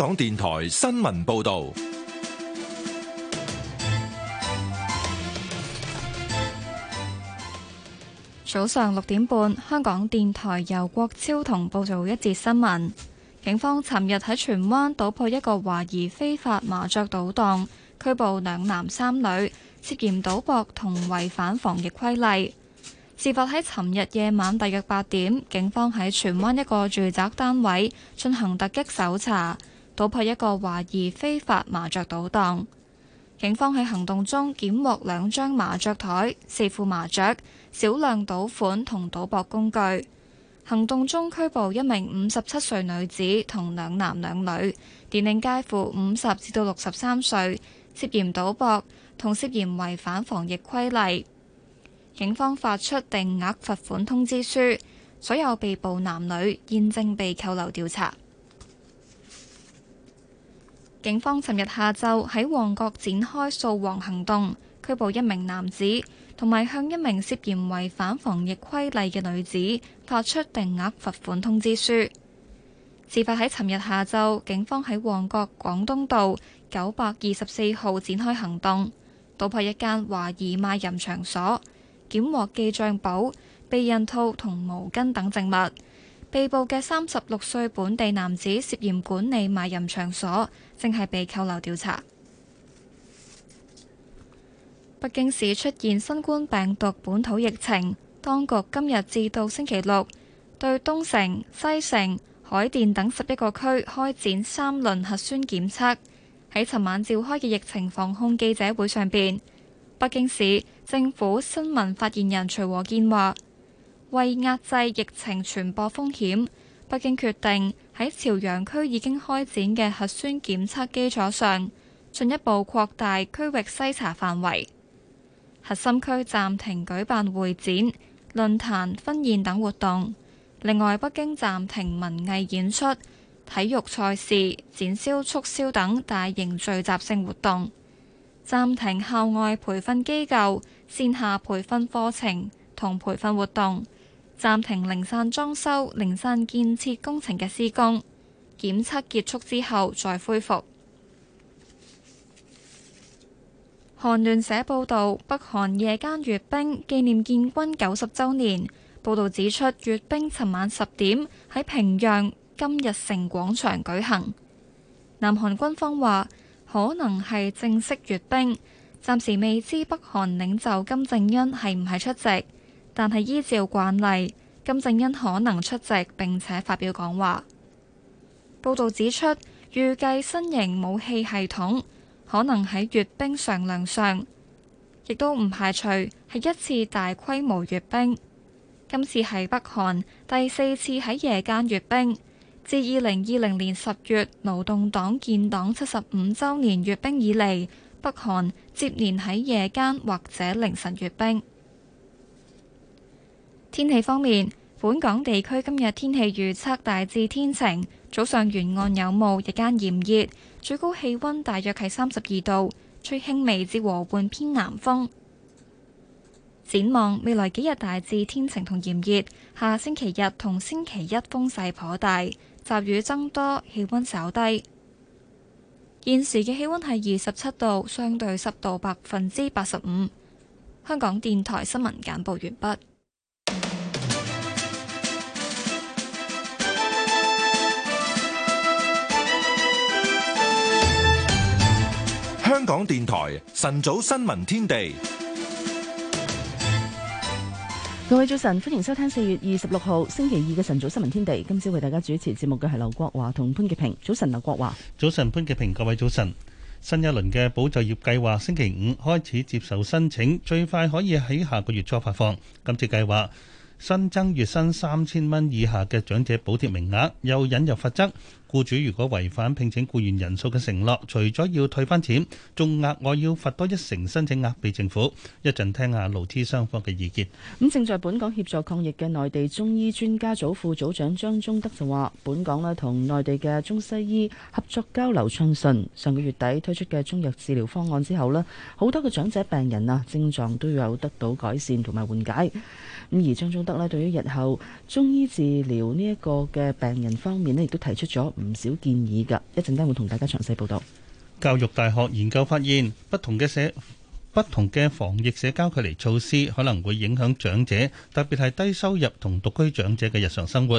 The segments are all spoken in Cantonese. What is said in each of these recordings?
香港電台新聞報道：早上六點半，香港電台由郭超同報道一節新聞。警方尋日喺荃灣搗破一個懷疑非法麻雀賭檔，拘捕兩男三女，涉嫌賭博同違反防疫規例。事發喺尋日夜晚大約八點，警方喺荃灣一個住宅單位進行突擊搜查。搗破一個懷疑非法麻雀賭檔，警方喺行動中檢獲兩張麻雀台、四副麻雀、少量賭款同賭博工具。行動中拘捕一名五十七歲女子同兩男兩女，年齡介乎五十至到六十三歲，涉嫌賭博同涉嫌違反防疫規例。警方發出定額罰款通知書，所有被捕男女現正被扣留調查。警方尋日下晝喺旺角展開掃黃行動，拘捕一名男子，同埋向一名涉嫌違反防疫規例嘅女子發出定額罰款通知書。事發喺尋日下晝，警方喺旺角廣東道九百二十四號展開行動，搗破一間懷疑賣淫場所，檢獲記帳簿、避孕套同毛巾等證物。被捕嘅三十六歲本地男子涉嫌管理賣淫場所，正係被扣留調查。北京市出現新冠病毒本土疫情，當局今日至到星期六對東城、西城、海淀等十一個區開展三輪核酸檢測，喺尋晚召開嘅疫情防控記者會上邊，北京市政府新聞發言人徐和建話。為壓制疫情傳播風險，北京決定喺朝陽區已經開展嘅核酸檢測基礎上，進一步擴大區域篩查範圍。核心區暫停舉辦會展、論壇、婚宴等活動。另外，北京暫停文藝演出、體育賽事、展銷促銷等大型聚集性活動，暫停校外培訓機構、線下培訓課程同培訓活動。暫停零散裝修、零散建設工程嘅施工，檢測結束之後再恢復。韓聯社報導，北韓夜間閱兵紀念建軍九十週年。報導指出，閱兵尋晚十點喺平壤金日成廣場舉行。南韓軍方話可能係正式閱兵，暫時未知北韓領袖金正恩係唔係出席。但係依照慣例，金正恩可能出席並且發表講話。報導指出，預計新型武器系統可能喺閱兵上亮相，亦都唔排除係一次大規模閱兵。今次係北韓第四次喺夜間閱兵，自二零二零年十月勞動黨建黨七十五週年閱兵以嚟，北韓接連喺夜間或者凌晨閱兵。天氣方面，本港地區今日天氣預測大致天晴，早上沿岸有霧，日間炎熱，最高氣溫大約係三十二度，吹輕微至和緩偏南風。展望未來幾日，大致天晴同炎熱，下星期日同星期一風勢頗大，驟雨增多，氣溫稍低。現時嘅氣溫係二十七度，相對濕度百分之八十五。香港電台新聞簡報完畢。香港電台晨早新聞天地，各位早晨，歡迎收聽四月二十六號星期二嘅晨早新聞天地。今朝為大家主持節目嘅係劉國華同潘潔平。早晨，劉國華。早晨，潘潔平。各位早晨。新一輪嘅保就業計劃星期五開始接受申請，最快可以喺下個月初發放。今次計劃。新增月薪三千蚊以下嘅長者補貼名額，又引入罰則。僱主如果違反聘請僱員人數嘅承諾，除咗要退翻錢，仲額外要罰多一成申請額俾政府。一陣聽下勞資雙方嘅意見。咁正在本港協助抗疫嘅內地中醫專家組副組長張忠德就話，本港呢同內地嘅中西醫合作交流暢順。上個月底推出嘅中藥治療方案之後呢，好多嘅長者病人啊，症狀都有得到改善同埋緩解。咁而張忠德咧，對於日後中醫治療呢一個嘅病人方面咧，亦都提出咗唔少建議㗎。一陣間會同大家詳細報道。教育大學研究發現，不同嘅社、不同嘅防疫社交距離措施，可能會影響長者，特別係低收入同獨居長者嘅日常生活，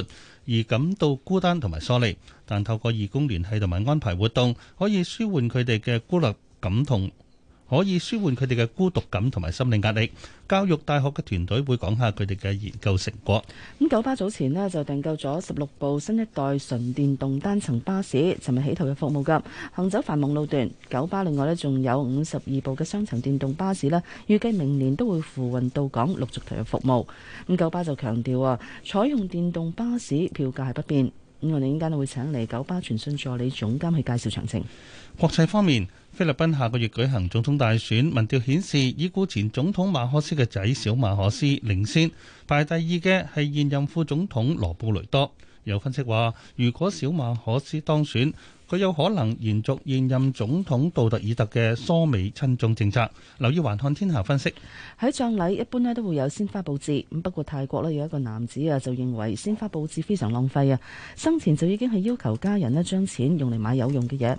而感到孤單同埋疏離。但透過義工聯繫同埋安排活動，可以舒緩佢哋嘅孤立感同可以舒緩佢哋嘅孤獨感同埋心理壓力。教育大學嘅團隊會講下佢哋嘅研究成果。咁九巴早前咧就訂購咗十六部新一代純電動單層巴士，尋日起投入服務噶。行走繁忙路段，九巴另外咧仲有五十二部嘅雙層電動巴士咧，預計明年都會付運到港，陸續投入服務。咁九巴就強調啊，採用電動巴士，票價係不變。咁我哋陣間會請嚟九巴傳訊助理總監去介紹詳情。國際方面。菲律賓下個月舉行總統大選，民調顯示已故前總統馬可斯嘅仔小馬可斯領先，排第二嘅係現任副總統羅布雷多。有分析話，如果小馬可斯當選，佢有可能延續現任總統杜特爾特嘅疏美親中政策。留意環看天下分析：喺葬禮一般咧都會有鮮花佈置，咁不過泰國咧有一個男子啊就認為鮮花佈置非常浪費啊，生前就已經係要求家人咧將錢用嚟買有用嘅嘢，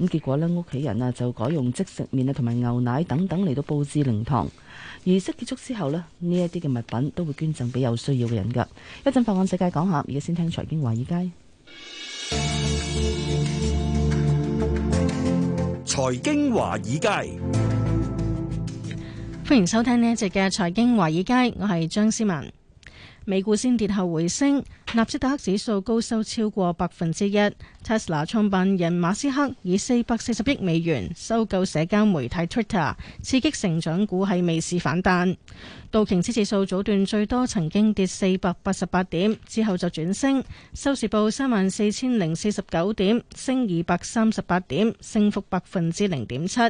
咁結果咧屋企人啊就改用即食麵啊同埋牛奶等等嚟到佈置靈堂。儀式結束之後咧，呢一啲嘅物品都會捐贈俾有需要嘅人噶。一陣放眼世界講下，而家先聽財經華爾街。財經華爾街，歡迎收聽呢一節嘅財經華爾街，我係張思文。美股先跌後回升，納斯達克指數高收超過百分之一。Tesla 創辦人馬斯克以四百四十億美元收購社交媒體 Twitter，刺激成長股喺尾市反彈。道瓊斯指數早段最多曾經跌四百八十八點，之後就轉升，收市報三萬四千零四十九點，升二百三十八點，升幅百分之零點七。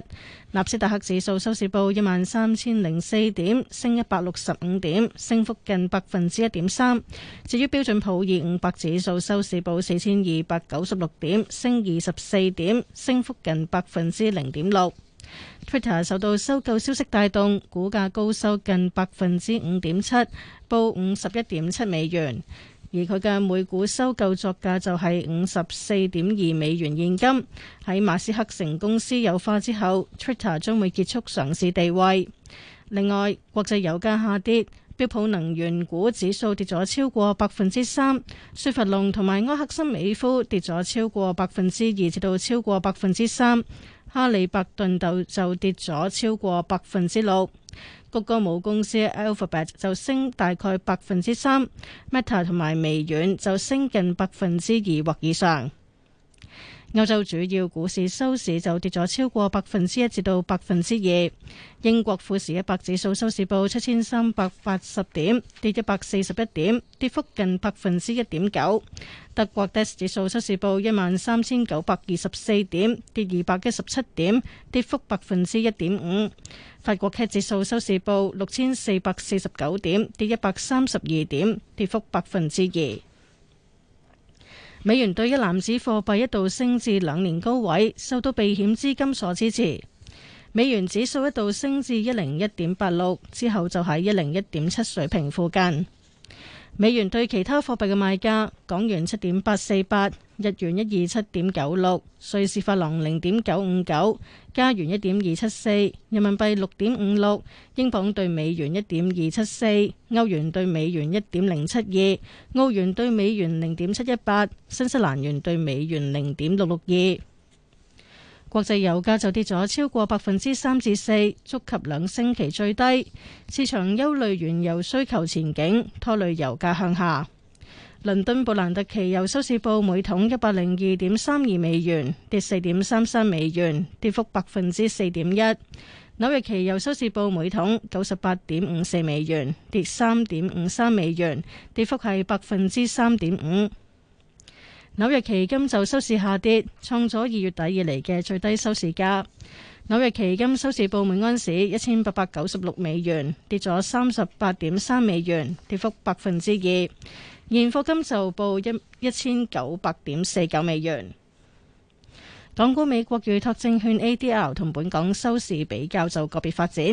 納斯達克指數收市報一萬三千零四點，升一百六十五點，升幅近百分之一點三。至於標準普爾五百指數收市報四千二百九十六點升二十四點，升幅近百分之零點六。Twitter 受到收購消息帶動，股價高收近百分之五點七，報五十一點七美元。而佢嘅每股收購作價就係五十四點二美元現金。喺馬斯克成公司有化之後，Twitter 將會結束上市地位。另外，國際油價下跌。標普能源股指數跌咗超過百分之三，雪佛龍同埋埃克森美孚跌咗超過百分之二至到超過百分之三，哈里伯頓豆就跌咗超過百分之六，谷歌母公司 Alphabet 就升大概百分之三，Meta 同埋微軟就升近百分之二或以上。歐洲主要股市收市就跌咗超過百分之一至到百分之二。英國富時一百指數收市報七千三百八十點，跌一百四十一點，跌幅近百分之一點九。德國 DAX 指數收市報一萬三千九百二十四點，跌二百一十七點，跌幅百分之一點五。法國 CAC 指數收市報六千四百四十九點，跌一百三十二點，跌幅百分之二。美元兌一籃子貨幣一度升至兩年高位，受到避險資金所支持。美元指數一度升至一零一點八六，之後就喺一零一點七水平附近。美元對其他貨幣嘅賣價：港元七點八四八，日元一二七點九六，瑞士法郎零點九五九，加元一點二七四，人民幣六點五六，英鎊對美元一點二七四，歐元對美元一點零七二，澳元對美元零點七一八，新西蘭元對美元零點六六二。國際油價就跌咗超過百分之三至四，觸及兩星期最低。市場憂慮原油需求前景，拖累油價向下。倫敦布蘭特期油收市報每桶一百零二點三二美元，跌四點三三美元，跌幅百分之四點一。紐約期油收市報每桶九十八點五四美元，跌三點五三美元，跌幅係百分之三點五。紐約期金就收市下跌，創咗二月底以嚟嘅最低收市價。紐約期金收市報每安士一千八百九十六美元，跌咗三十八點三美元，跌幅百分之二。現貨金就報一一千九百點四九美元。港股美國預託證券 A D R 同本港收市比較就個別發展，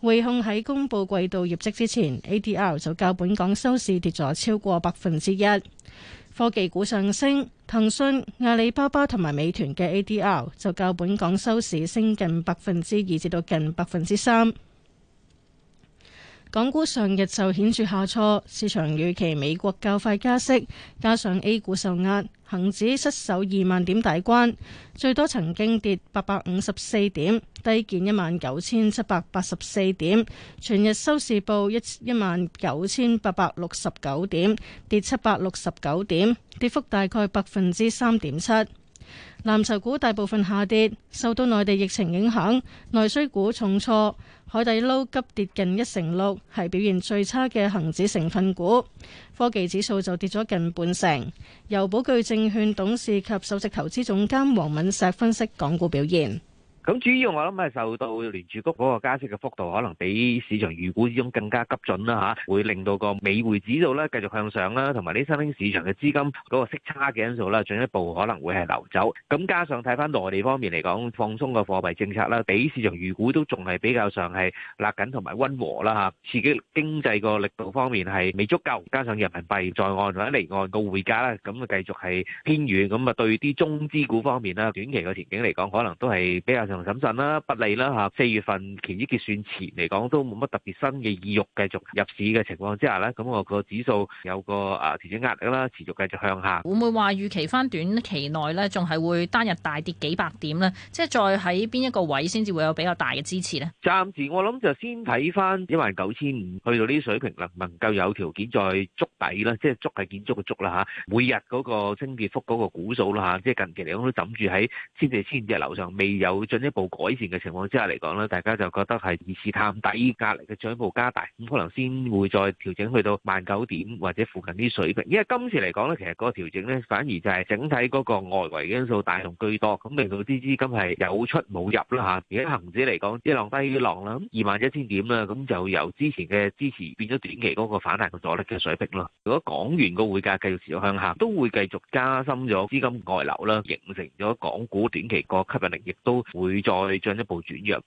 匯控喺公佈季度業績之前，A D R 就較本港收市跌咗超過百分之一。科技股上升，騰訊、阿里巴巴同埋美團嘅 ADR 就較本港收市升近百分之二至到近百分之三。港股上日就顯著下挫，市場預期美國較快加息，加上 A 股受壓，恒指失守二萬點大關，最多曾經跌八百五十四點，低見一萬九千七百八十四點，全日收市報一萬九千八百六十九點，跌七百六十九點，跌幅大概百分之三點七。藍籌股大部分下跌，受到內地疫情影響，內需股重挫，海底撈急跌近一成六，係表現最差嘅恒指成分股。科技指數就跌咗近半成。由寶鉅證券董事及首席投資總監黃敏石分析港股表現。咁主要我諗係受到聯儲局嗰個加息嘅幅度，可能比市場預估之中更加急進啦嚇，會令到個美匯指數咧繼續向上啦，同埋啲新興市場嘅資金嗰個息差嘅因素啦，進一步可能會係流走。咁加上睇返內地方面嚟講，放鬆嘅貨幣政策啦，比市場預估都仲係比較上係勒緊同埋溫和啦嚇，刺激經濟個力度方面係未足夠。加上人民幣在岸或者離岸個匯價咧，咁啊繼續係偏軟。咁啊對啲中資股方面啦，短期嘅前景嚟講，可能都係比較。同審慎啦，不利啦嚇。四月份期指結算前嚟講，都冇乜特別新嘅意欲繼續入市嘅情況之下咧，咁我個指數有個啊調整壓力啦，持續繼續向下。會唔會話預期翻短期內咧，仲係會單日大跌幾百點咧？即係再喺邊一個位先至會有比較大嘅支持咧？暫時我諗就先睇翻一萬九千五去到呢啲水平啦，唔能夠有條件再築底啦，即係築係建築嘅築啦嚇。每日嗰個升跌幅嗰個股數啦嚇，即係近期嚟講都枕住喺千四千二樓上，未有進。一步改善嘅情況之下嚟講咧，大家就覺得係二次探底，隔離嘅進一步加大，咁可能先會再調整去到萬九點或者附近啲水平。因為今次嚟講咧，其實個調整咧反而就係整體嗰個外圍因素大眾居多，咁令到啲資金係有出冇入啦嚇。而家恆指嚟講一浪低於一浪啦，二萬一千點啦，咁就由之前嘅支持變咗短期嗰個反彈嘅阻力嘅水平咯。如果港元個匯價繼續持續向下，都會繼續加深咗資金外流啦，形成咗港股短期個吸引力亦都會。再進一步轉弱。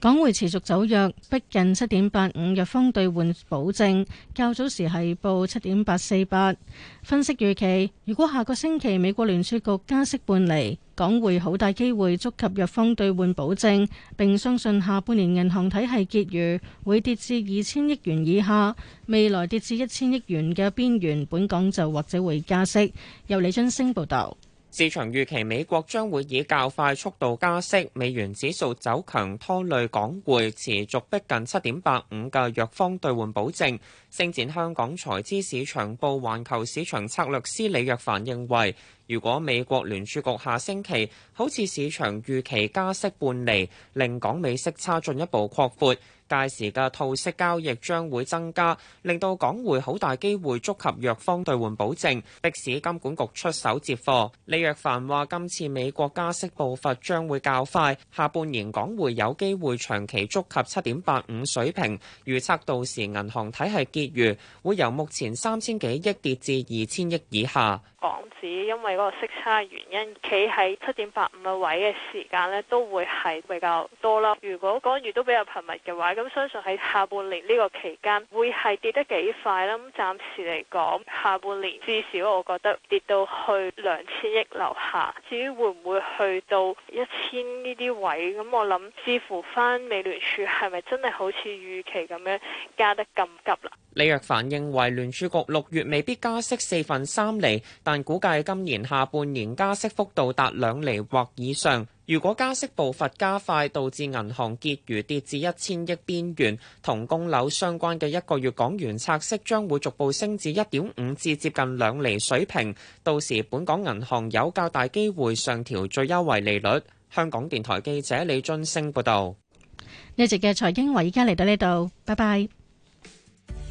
港匯持續走弱，逼近七點八五，弱方兌換保證較早時係報七點八四八。分析預期，如果下個星期美國聯儲局加息半厘，港匯好大機會觸及弱方兌換保證，並相信下半年銀行體系結餘會跌至二千億元以下，未來跌至一千億元嘅邊緣，本港就或者會加息。由李津星報道。市場預期美國將會以較快速度加息，美元指數走強拖累港匯持續逼近七點八五嘅弱方兌換保證。星展香港財資市場部環球市場策略師李若凡認為，如果美國聯儲局下星期好似市場預期加息半釐，令港美息差進一步擴闊。屆時嘅套息交易將會增加，令到港匯好大機會觸及弱方兌換保證，迫使金管局出手接貨。李若凡話今次美國加息步伐將會較快，下半年港匯有機會長期觸及七點八五水平，預測到時銀行體系結餘會由目前三千幾億跌至二千億以下。港紙因為嗰個息差原因，企喺七點八五嘅位嘅時間咧，都會係比較多啦。如果嗰個月都比較頻密嘅話，咁相信喺下半年呢個期間會係跌得幾快啦。咁暫時嚟講，下半年至少我覺得跌到去兩千億樓下。至於會唔會去到一千呢啲位，咁我諗視乎返美聯儲係咪真係好似預期咁樣加得咁急啦。李若凡認為聯儲局六月未必加息四分三厘，但估計今年下半年加息幅度達兩厘或以上。如果加息步伐加快，導致銀行結餘跌至一千億邊緣，同供樓相關嘅一個月港元拆息將會逐步升至一點五至接近兩厘水平。到時本港銀行有較大機會上調最優惠利率。香港電台記者李津星報導。一直嘅財經話，依家嚟到呢度，拜拜。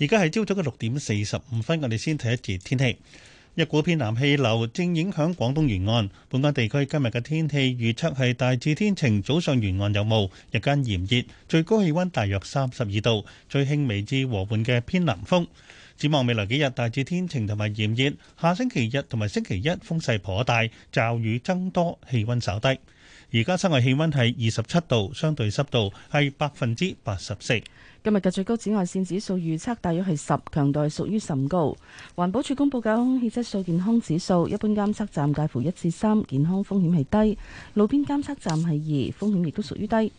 而家係朝早嘅六點四十五分，我哋先睇一節天氣。一股偏南氣流正影響廣東沿岸，本港地區今日嘅天氣預測係大致天晴，早上沿岸有霧，日間炎熱，最高氣溫大約三十二度，最輕微至和緩嘅偏南風。展望未來幾日，大致天晴同埋炎熱，下星期日同埋星期一風勢頗大，驟雨增多，氣溫稍低。而家室外氣溫係二十七度，相對濕度係百分之八十四。今日嘅最高紫外線指數預測大約係十，強度係屬於甚高。環保署公布嘅空氣質素健康指數，一般監測站介乎一至三，健康風險係低；路邊監測站係二，風險亦都屬於低。喺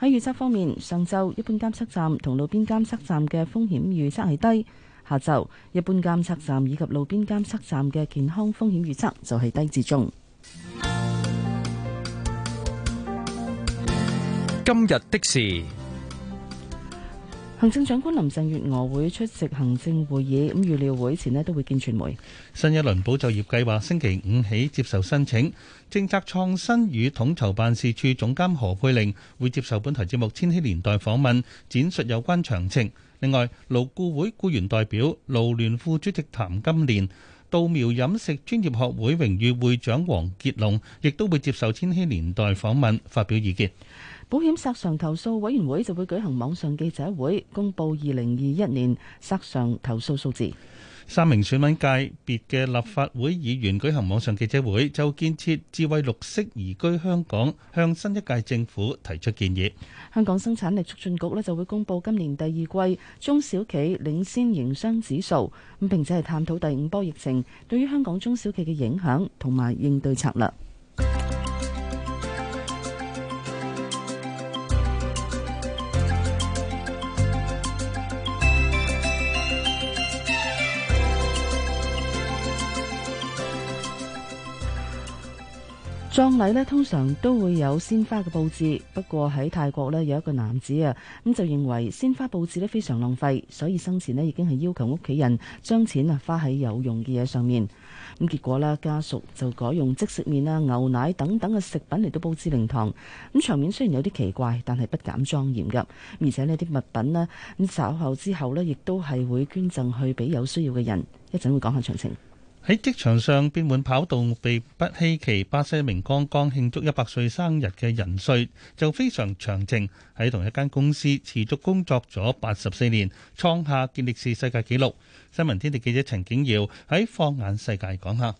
預測方面，上晝一般監測站同路邊監測站嘅風險預測係低，下晝一般監測站以及路邊監測站嘅健康風險預測就係低至中。今日的事。行政長官林鄭月娥會出席行政會議，咁預料會前咧都會見傳媒。新一輪保就業計劃星期五起接受申請，政策創新與統籌辦事處總監何佩玲會接受本台節目《千禧年代》訪問，闡述有關詳情。另外，勞顧會僱員代表勞聯副主席譚金蓮、稻苗飲食專業學會榮譽會長黃傑龍，亦都會接受《千禧年代》訪問，發表意見。保險賠償投訴委員會就會舉行網上記者會，公布二零二一年賠償投訴數字。三名選民界別嘅立法會議員舉行網上記者會，就建設智慧綠色宜居香港，向新一屆政府提出建議。香港生產力促進局呢就會公布今年第二季中小企領先營商指數，咁並且係探討第五波疫情對於香港中小企嘅影響同埋應對策略。葬禮咧通常都會有鮮花嘅佈置，不過喺泰國咧有一個男子啊咁、嗯、就認為鮮花佈置咧非常浪費，所以生前咧已經係要求屋企人將錢啊花喺有用嘅嘢上面。咁、嗯、結果咧家屬就改用即食麵啊、牛奶等等嘅食品嚟到佈置靈堂。咁、嗯、場面雖然有啲奇怪，但係不減莊嚴㗎。而且呢啲物品咧咁、嗯、稍後之後咧亦都係會捐贈去俾有需要嘅人。一陣會講下詳情。喺職場上變換跑道，並不稀奇。巴西名將剛剛慶祝一百歲生日嘅人瑞就非常長情。喺同一間公司持續工作咗八十四年，創下健力士世界紀錄。新聞天地記者陳景耀喺《放眼世界》講下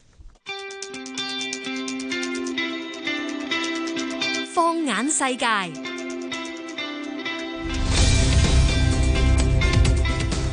《放眼世界》。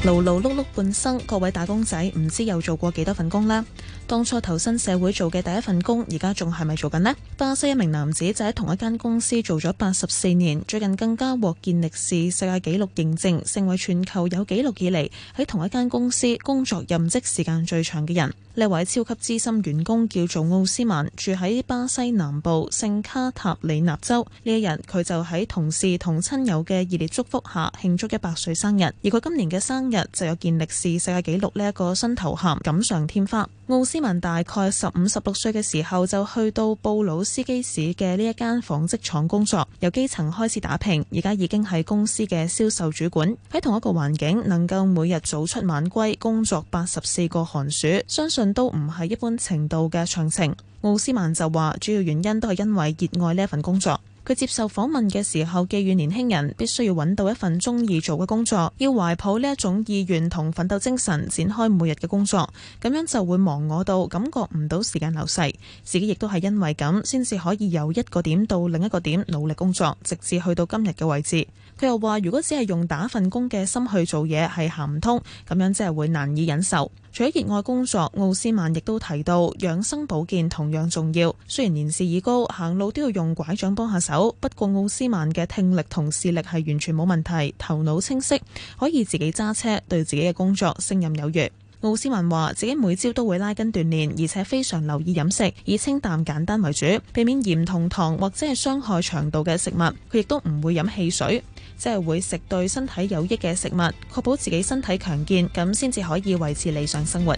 勞勞碌碌半生，各位打工仔唔知又做過幾多份工呢？當初投身社會做嘅第一份工，而家仲係咪做緊呢？巴西一名男子就喺同一間公司做咗八十四年，最近更加獲健力士世界紀錄認證，成為全球有紀錄以嚟，喺同一間公司工作任職時間最長嘅人。呢位超級資深員工叫做奧斯曼，住喺巴西南部聖卡塔里納州。呢一日，佢就喺同事同親友嘅熱烈祝福下慶祝一百歲生日，而佢今年嘅生日。日就有健力士世界紀錄呢一個新頭銜錦上添花。奧斯曼大概十五十六歲嘅時候就去到布魯斯基市嘅呢一間紡織廠工作，由基層開始打拼，而家已經係公司嘅銷售主管。喺同一個環境，能夠每日早出晚歸，工作八十四個寒暑，相信都唔係一般程度嘅長情。奧斯曼就話，主要原因都係因為熱愛呢一份工作。佢接受訪問嘅時候，寄語年輕人必須要揾到一份中意做嘅工作，要懷抱呢一種意願同奮鬥精神，展開每日嘅工作，咁樣就會忘我到，感覺唔到時間流逝，自己亦都係因為咁先至可以由一個點到另一個點努力工作，直至去到今日嘅位置。佢又話：如果只係用打份工嘅心去做嘢，係行唔通，咁樣真係會難以忍受。除咗熱愛工作，奧斯曼亦都提到養生保健同樣重要。雖然年事已高，行路都要用拐杖幫下手，不過奧斯曼嘅聽力同視力係完全冇問題，頭腦清晰，可以自己揸車，對自己嘅工作勝任有餘。奧斯曼話自己每朝都會拉筋鍛煉，而且非常留意飲食，以清淡簡單為主，避免鹽同糖或者係傷害腸道嘅食物。佢亦都唔會飲汽水。即係會食對身體有益嘅食物，確保自己身體強健，咁先至可以維持理想生活。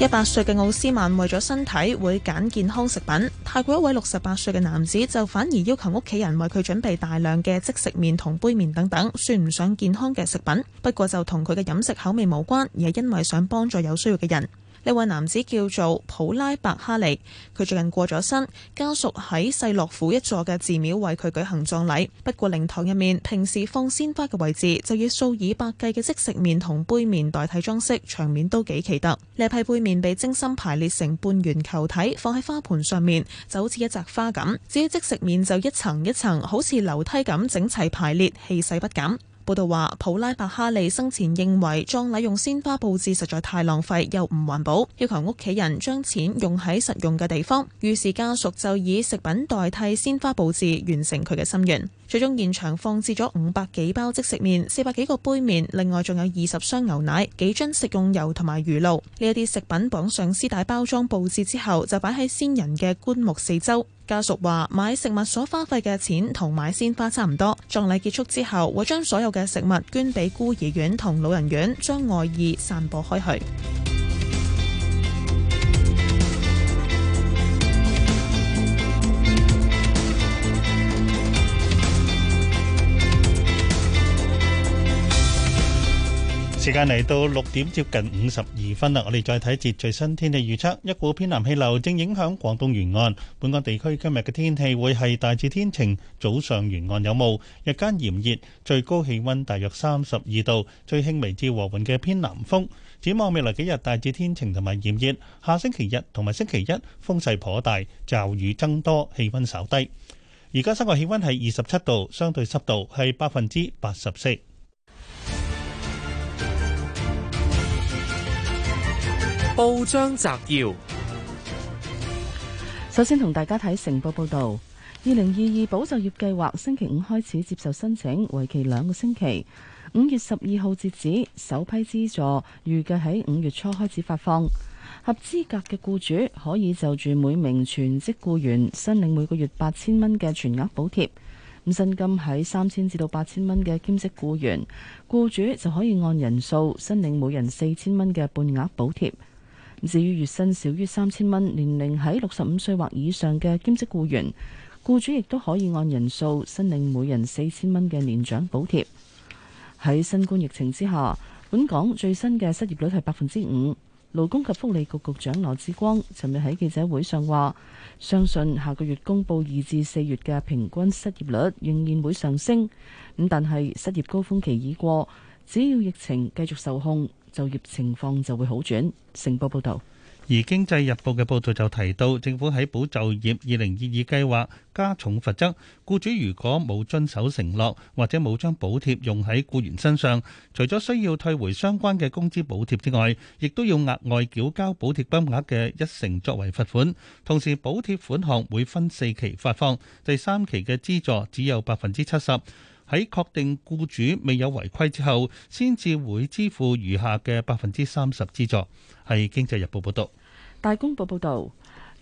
一百歲嘅奧斯曼為咗身體會揀健康食品，泰國一位六十八歲嘅男子就反而要求屋企人為佢準備大量嘅即食麵同杯麵等等，算唔上健康嘅食品。不過就同佢嘅飲食口味無關，而係因為想幫助有需要嘅人。呢位男子叫做普拉白哈利，佢最近過咗身，家屬喺世樂府一座嘅寺廟為佢舉行葬禮。不過靈堂入面，平時放鮮花嘅位置，就以數以百計嘅即食麵同杯麵代替裝飾，場面都幾奇特。呢批杯麵被精心排列成半圓球體，放喺花盆上面，就好似一扎花咁；至於即食麵就一層一層，好似樓梯咁整齊排列，氣勢不減。報道話，普拉白哈利生前認為葬禮用鮮花佈置實在太浪費又唔環保，要求屋企人將錢用喺實用嘅地方。於是家屬就以食品代替鮮花佈置，完成佢嘅心願。最終現場放置咗五百幾包即食麵、四百幾個杯麵，另外仲有二十箱牛奶、幾樽食用油同埋魚露。呢一啲食品綁上絲帶包裝佈置之後，就擺喺先人嘅棺木四周。家屬話買食物所花費嘅錢同買鮮花差唔多，葬禮結束之後會將所有嘅食物捐俾孤兒院同老人院，將愛意散播開去。時間嚟到六點接近五十二分啦，我哋再睇一節最新天氣預測。一股偏南氣流正影響廣東沿岸，本港地區今日嘅天氣會係大致天晴，早上沿岸有霧，日間炎熱，最高氣溫大約三十二度，最輕微至和緩嘅偏南風。展望未來幾日，大致天晴同埋炎熱，下星期日同埋星期一風勢頗大，驟雨增多，氣溫稍低。而家室外氣溫係二十七度，相對濕度係百分之八十四。報章摘要：首先同大家睇《成報》報道，二零二二保就業計劃星期五開始接受申請，為期兩個星期，五月十二號截止。首批資助預計喺五月初開始發放。合資格嘅僱主可以就住每名全職僱員申領每個月八千蚊嘅全額補貼，咁薪金喺三千至到八千蚊嘅兼職僱員，僱主就可以按人數申領每人四千蚊嘅半額補貼。至於月薪少於三千蚊、年齡喺六十五歲或以上嘅兼職僱員，僱主亦都可以按人數申領每人四千蚊嘅年長補貼。喺新冠疫情之下，本港最新嘅失業率係百分之五。勞工及福利局局長羅致光尋日喺記者會上話：相信下個月公佈二至四月嘅平均失業率仍然會上升。咁但係失業高峰期已過，只要疫情繼續受控，就業情況就會好轉。成報報導，而經濟日報嘅報導就提到，政府喺保就業二零二二計劃加重罰則，僱主如果冇遵守承諾或者冇將補貼用喺僱員身上，除咗需要退回相關嘅工資補貼之外，亦都要額外繳交補貼金額嘅一成作為罰款。同時，補貼款項會分四期發放，第三期嘅資助只有百分之七十。喺確定僱主未有違規之後，先至會支付餘下嘅百分之三十資助。係經濟日報報道。大公報報導。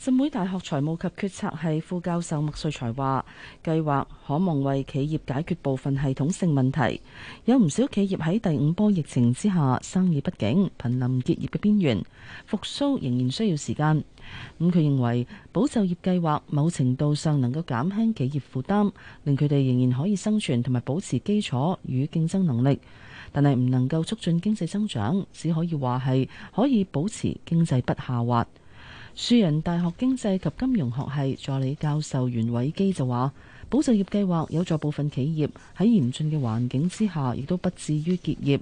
浸會大學財務及決策系副教授麥瑞才話，計劃可望為企業解決部分系統性問題。有唔少企業喺第五波疫情之下生意不景，瀕臨結業嘅邊緣，復蘇仍然需要時間。咁、嗯、佢認為，保就業計劃某程度上能夠減輕企業負擔，令佢哋仍然可以生存同埋保持基礎與競爭能力。但係唔能夠促進經濟增長，只可以話係可以保持經濟不下滑。樹人大學經濟及金融學系助理教授袁偉基就話，保就業計劃有助部分企業喺嚴峻嘅環境之下，亦都不至於結業，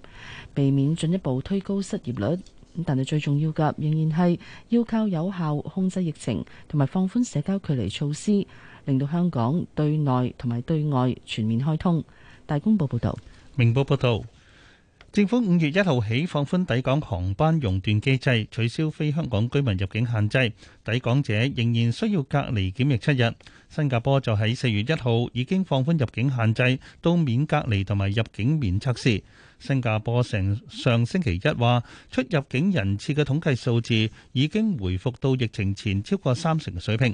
避免進一步推高失業率。但係最重要嘅，仍然係要靠有效控制疫情，同埋放寬社交距離措施，令到香港對內同埋對外全面開通。大公報報道，明報報道。政府五月一號起放寬抵港航班熔斷機制，取消非香港居民入境限制。抵港者仍然需要隔離檢疫七日。新加坡就喺四月一號已經放寬入境限制，到免隔離同埋入境免測試。新加坡成上星期一話，出入境人次嘅統計數字已經回復到疫情前超過三成嘅水平。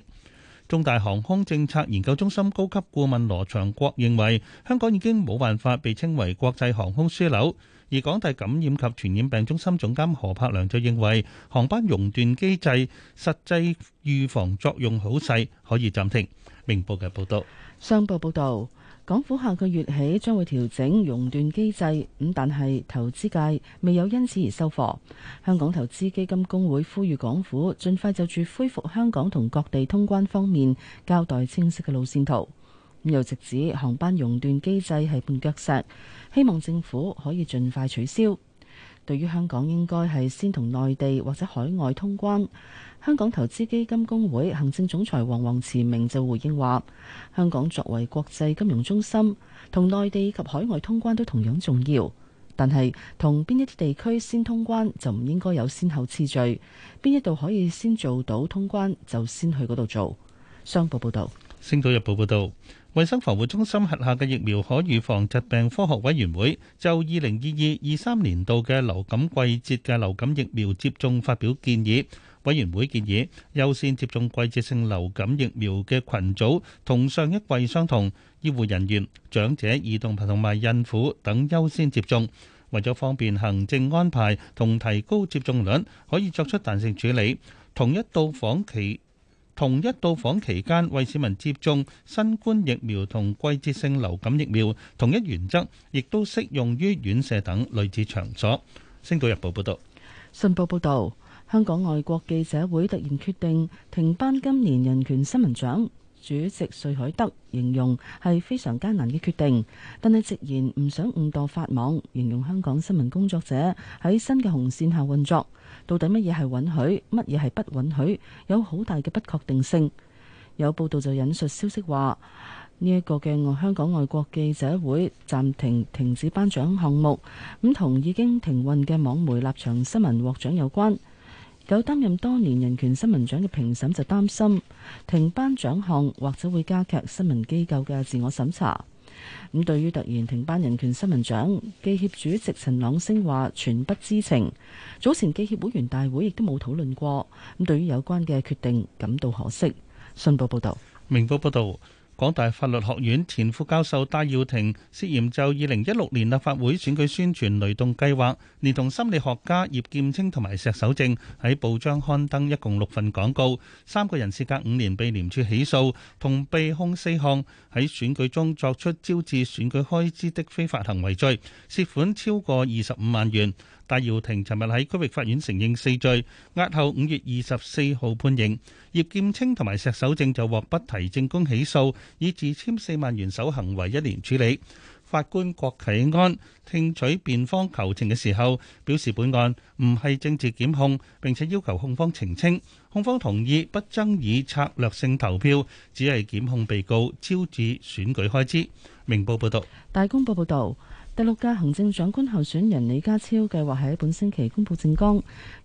中大航空政策研究中心高級顧問羅祥國認為，香港已經冇辦法被稱為國際航空樞紐。而港大感染及傳染病中心總監何柏良就認為，航班熔斷機制實際預防作用好細，可以暫停。明報嘅報道。商報報導，港府下個月起將會調整熔斷機制，咁但係投資界未有因此而收貨。香港投資基金公會呼籲港府盡快就住恢復香港同各地通關方面交代清晰嘅路線圖。又直指航班熔斷機制係絆腳石，希望政府可以盡快取消。對於香港，應該係先同內地或者海外通關。香港投資基金公會行政總裁黃王慈明就回應話，香港作為國際金融中心，同內地及海外通關都同樣重要。但係同邊一啲地區先通關就唔應該有先後次序，邊一度可以先做到通關就先去嗰度做。商報報道，《星島日報》報道。衛生防護中心轄下嘅疫苗可預防疾病科學委員會就2022-23年度嘅流感季節嘅流感疫苗接種發表建議。委員會建議優先接種季節性流感疫苗嘅群組同上一季相同。醫護人員、長者、兒童同埋孕婦等優先接種。為咗方便行政安排同提高接種率，可以作出彈性處理。同一到訪期。同一到訪期間為市民接種新冠疫苗同季節性流感疫苗，同一原則亦都適用於院舍等類似場所。星島日報報道：「信報報道，香港外國記者會突然決定停辦今年人權新聞獎，主席瑞凱德形容係非常艱難嘅決定，但係直言唔想誤墮法網，形容香港新聞工作者喺新嘅紅線下運作。到底乜嘢係允許，乜嘢係不允許，有好大嘅不確定性。有報道就引述消息話，呢一個嘅香港外國記者會暫停停止頒獎項目，咁同已經停運嘅網媒立場新聞獲獎有關。有擔任多年人權新聞獎嘅評審就擔心停頒獎項或者會加劇新聞機構嘅自我審查。咁對於突然停辦人權新聞獎，記協主席陳朗升話全不知情，早前記協會員大會亦都冇討論過，咁對於有關嘅決定感到可惜。信報報道，明報報道。港大法律學院前副教授戴耀廷涉嫌就二零一六年立法會選舉宣傳雷動計劃，連同心理學家葉劍青同埋石守正喺報章刊登一共六份廣告，三個人事隔五年被廉署起訴，同被控四項喺選舉中作出招致選舉開支的非法行為罪，涉款超過二十五萬元。戴耀廷尋日喺區域法院承認四罪，押後五月二十四號判刑。葉劍清同埋石守正就獲不提證供起訴，以自簽四萬元守行為一年處理。法官郭啟安聽取辯方求情嘅時候，表示本案唔係政治檢控，並且要求控方澄清。控方同意不爭議策略性投票，只係檢控被告招致選舉開支。明報報道。大公報報導。第六屆行政長官候選人李家超計劃喺本星期公布政綱，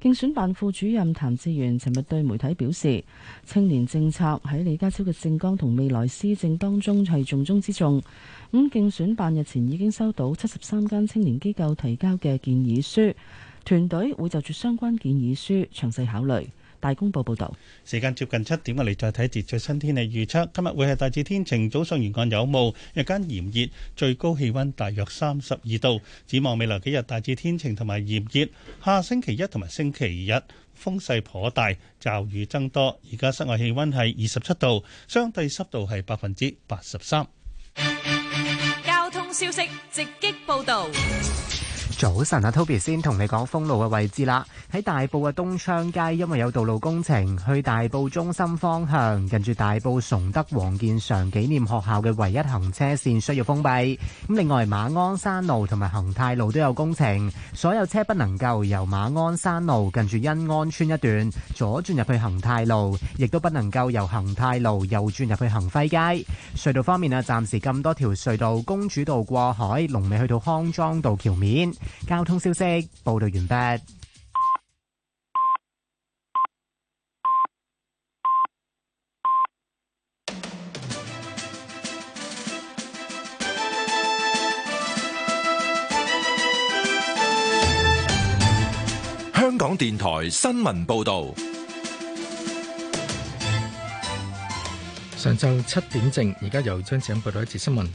競選辦副主任譚志源尋日對媒體表示，青年政策喺李家超嘅政綱同未來施政當中係重中之重。咁、嗯、競選辦日前已經收到七十三間青年機構提交嘅建議書，團隊會就住相關建議書詳細考慮。大公報報道，時間接近七點，我哋再睇下最新天氣預測。今日會係大致天晴，早上沿岸有霧，日間炎熱，最高氣溫大約三十二度。展望未來幾日大致天晴同埋炎熱，下星期一同埋星期日風勢頗大，驟雨增多。而家室外氣溫係二十七度，相對濕度係百分之八十三。交通消息直擊報道。早晨啊，Toby 先同你講封路嘅位置啦。喺大埔嘅東昌街，因為有道路工程，去大埔中心方向，近住大埔崇德黃建常紀念學校嘅唯一行車線需要封閉。咁另外馬鞍山路同埋恒泰路都有工程，所有車不能夠由馬鞍山路近住欣安邨一段左轉入去恒泰路，亦都不能夠由恒泰路右轉入去恒輝街。隧道方面啊，暫時咁多條隧道，公主道過海，龍尾去到康莊道橋面。交通消息報道完畢。香港電台新聞報道。上晝七點正，而家由張請報道一節新聞。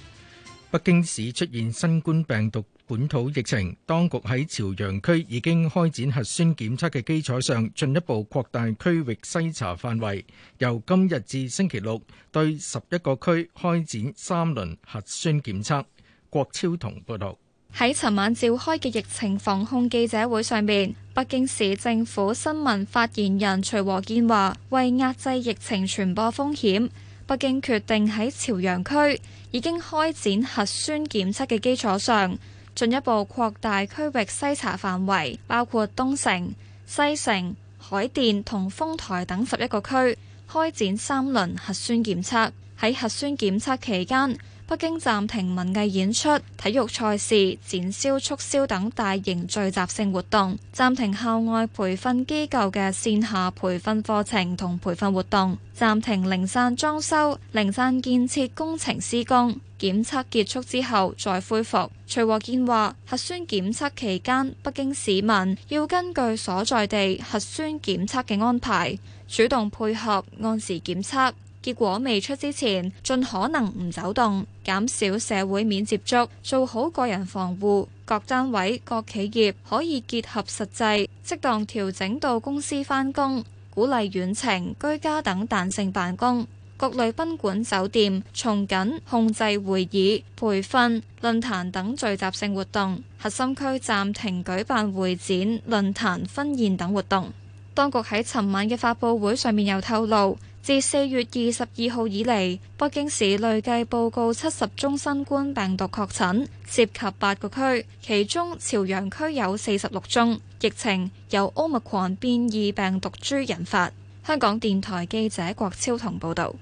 北京市出現新冠病毒，本土疫情，當局喺朝陽區已經開展核酸檢測嘅基礎上，進一步擴大區域篩查範圍，由今日至星期六對十一個區開展三輪核酸檢測，郭超同報道。喺尋晚召開嘅疫情防控記者會上面，北京市政府新聞發言人徐和建話，為壓制疫情傳播風險，北京決定喺朝陽區已經開展核酸檢測嘅基礎上，進一步擴大區域篩查範圍，包括東城、西城、海淀同豐台等十一個區，開展三輪核酸檢測。喺核酸檢測期間，北京暫停文藝演出、體育賽事、展銷促銷等大型聚集性活動，暫停校外培訓機構嘅線下培訓課程同培訓活動，暫停零散裝修、零散建設工程施工。檢測結束之後再恢復。徐和建話：核酸檢測期間，北京市民要根據所在地核酸檢測嘅安排，主動配合，按時檢測。結果未出之前，盡可能唔走動，減少社會面接觸，做好個人防護。各單位、各企業可以結合實際，適當調整到公司返工，鼓勵遠程、居家等彈性辦公。各類賓館、酒店從緊控制會議、培訓、論壇等聚集性活動；核心區暫停舉辦會展、論壇、婚宴等活動。當局喺尋晚嘅發佈會上面又透露，自四月二十二號以嚟，北京市累計報告七十宗新冠病毒確診，涉及八個區，其中朝陽區有四十六宗。疫情由奧密克戎變異病毒株引發。香港電台記者郭超彤報導。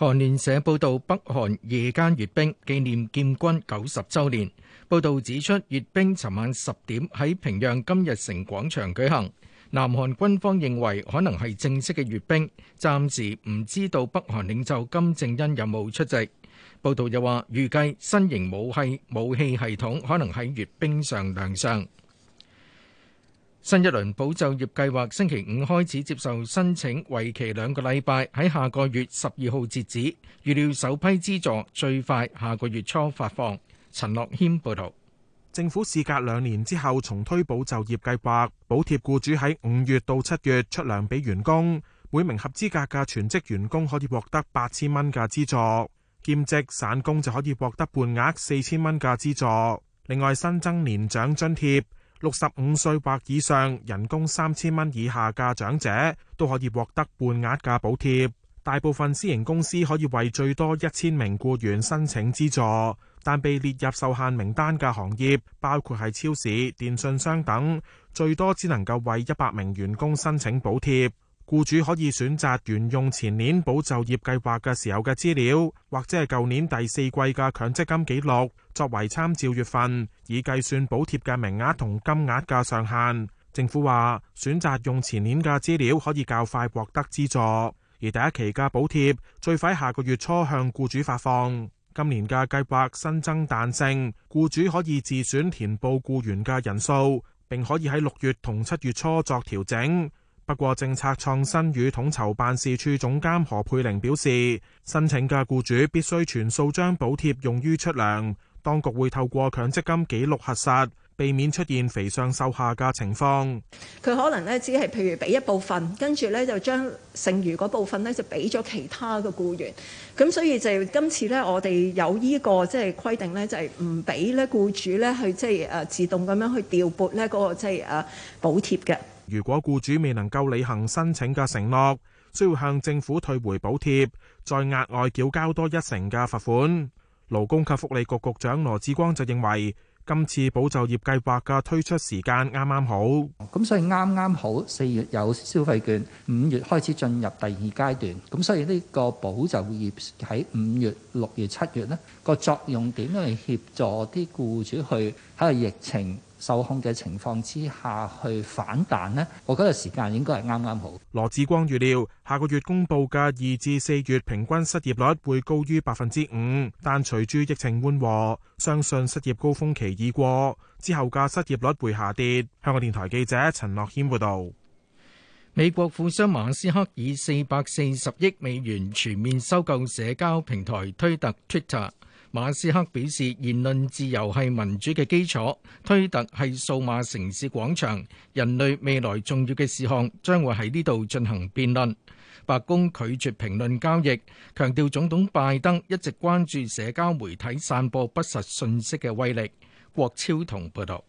韓聯社報道，北韓夜間閱兵紀念建軍九十周年。報道指出，閱兵尋晚十點喺平壤金日成廣場舉行。南韓軍方認為可能係正式嘅閱兵，暫時唔知道北韓領袖金正恩有冇出席。報道又話，預計新型武器武器系統可能喺閱兵上亮相。新一輪保就業計劃星期五開始接受申請，為期兩個禮拜，喺下個月十二號截止。預料首批資助最快下個月初發放。陳樂謙報道，政府事隔兩年之後重推保就業計劃，補貼僱主喺五月到七月出糧俾員工，每名合資格嘅全職員工可以獲得八千蚊嘅資助，兼職散工就可以獲得半額四千蚊嘅資助。另外新增年長津貼。六十五歲或以上，人工三千蚊以下嘅長者都可以獲得半額嘅補貼。大部分私營公司可以為最多一千名僱員申請資助，但被列入受限名單嘅行業，包括係超市、電信商等，最多只能夠為一百名員工申請補貼。僱主可以選擇沿用前年保就業計劃嘅時候嘅資料，或者係舊年第四季嘅強積金記錄作為參照月份，以計算補貼嘅名額同金額嘅上限。政府話選擇用前年嘅資料可以較快獲得資助，而第一期嘅補貼最快下個月初向僱主發放。今年嘅計劃新增彈性，僱主可以自選填報僱員嘅人數，並可以喺六月同七月初作調整。不過政策創新與統籌辦事處總監何佩玲表示，申請嘅僱主必須全數將補貼用於出糧，當局會透過強積金記錄核實，避免出現肥上瘦下嘅情況。佢可能咧，只係譬如俾一部分，跟住咧，就將剩餘嗰部分咧，就俾咗其他嘅僱員，咁所以就今次咧，我哋有依個即係規定咧，就係唔俾咧，僱主咧去即係誒自動咁樣去調撥咧嗰個即係誒補貼嘅。如果雇主未能夠履行申請嘅承諾，需要向政府退回補貼，再額外繳交多一成嘅罰款。勞工及福利局局長羅致光就認為，今次保就業計劃嘅推出時間啱啱好。咁所以啱啱好四月有消費券，五月開始進入第二階段。咁所以呢個保就業喺五月、六月、七月呢個作用點樣去協助啲雇主去喺個疫情受控嘅情況之下去反彈呢，我覺得時間應該係啱啱好。羅志光預料，下個月公布嘅二至四月平均失業率會高於百分之五，但隨住疫情緩和，相信失業高峰期已過，之後嘅失業率會下跌。香港電台記者陳樂軒報導。美國富商馬斯克以四百四十億美元全面收購社交平台推特 （Twitter）。馬斯克表示，言論自由係民主嘅基礎，推特係數碼城市廣場，人類未來重要嘅事項將會喺呢度進行辯論。白宮拒絕評論交易，強調總統拜登一直關注社交媒體散播不實信息嘅威力。郭超同報道。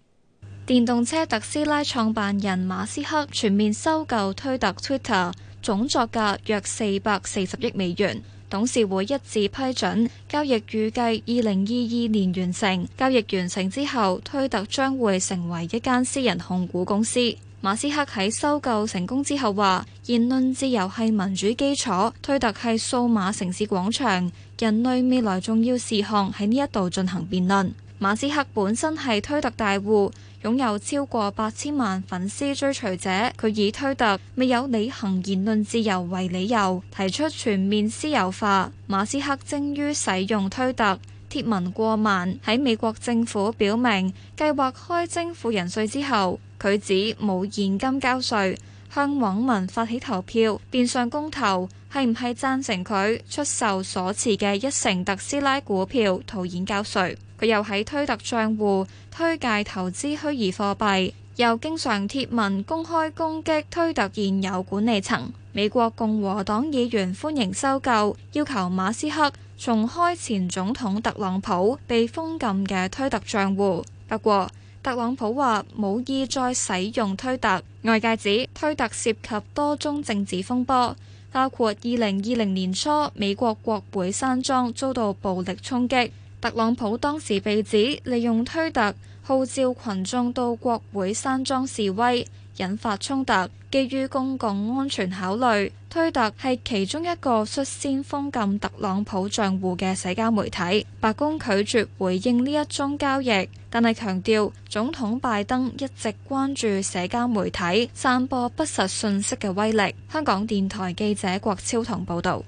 電動車特斯拉創辦人馬斯克全面收購推特 （Twitter），總作價約四百四十億美元。董事會一致批准交易，預計二零二二年完成。交易完成之後，推特將會成為一間私人控股公司。馬斯克喺收購成功之後話：言論自由係民主基礎，推特係數碼城市廣場，人類未來重要事項喺呢一度進行辯論。馬斯克本身係推特大戶，擁有超過八千萬粉絲追隨者。佢以推特未有履行言論自由為理由，提出全面私有化。馬斯克精於使用推特，貼文過萬。喺美國政府表明計劃開徵富人稅之後，佢指冇現金交稅。向網民發起投票，變相公投係唔係贊成佢出售所持嘅一成特斯拉股票套現交稅？佢又喺推特帳戶推介投資虛擬貨幣，又經常貼文公開攻擊推特現有管理層。美國共和黨議員歡迎收購，要求馬斯克重開前總統特朗普被封禁嘅推特帳戶。不過，特朗普話冇意再使用推特，外界指推特涉及多宗政治風波，包括二零二零年初美國國會山莊遭到暴力衝擊，特朗普當時被指利用推特號召群眾到國會山莊示威。引發衝突，基於公共安全考慮，推特係其中一個率先封禁特朗普賬戶嘅社交媒體，白宮拒絕回應呢一宗交易，但係強調總統拜登一直關注社交媒體散播不實信息嘅威力。香港電台記者郭超棠報道。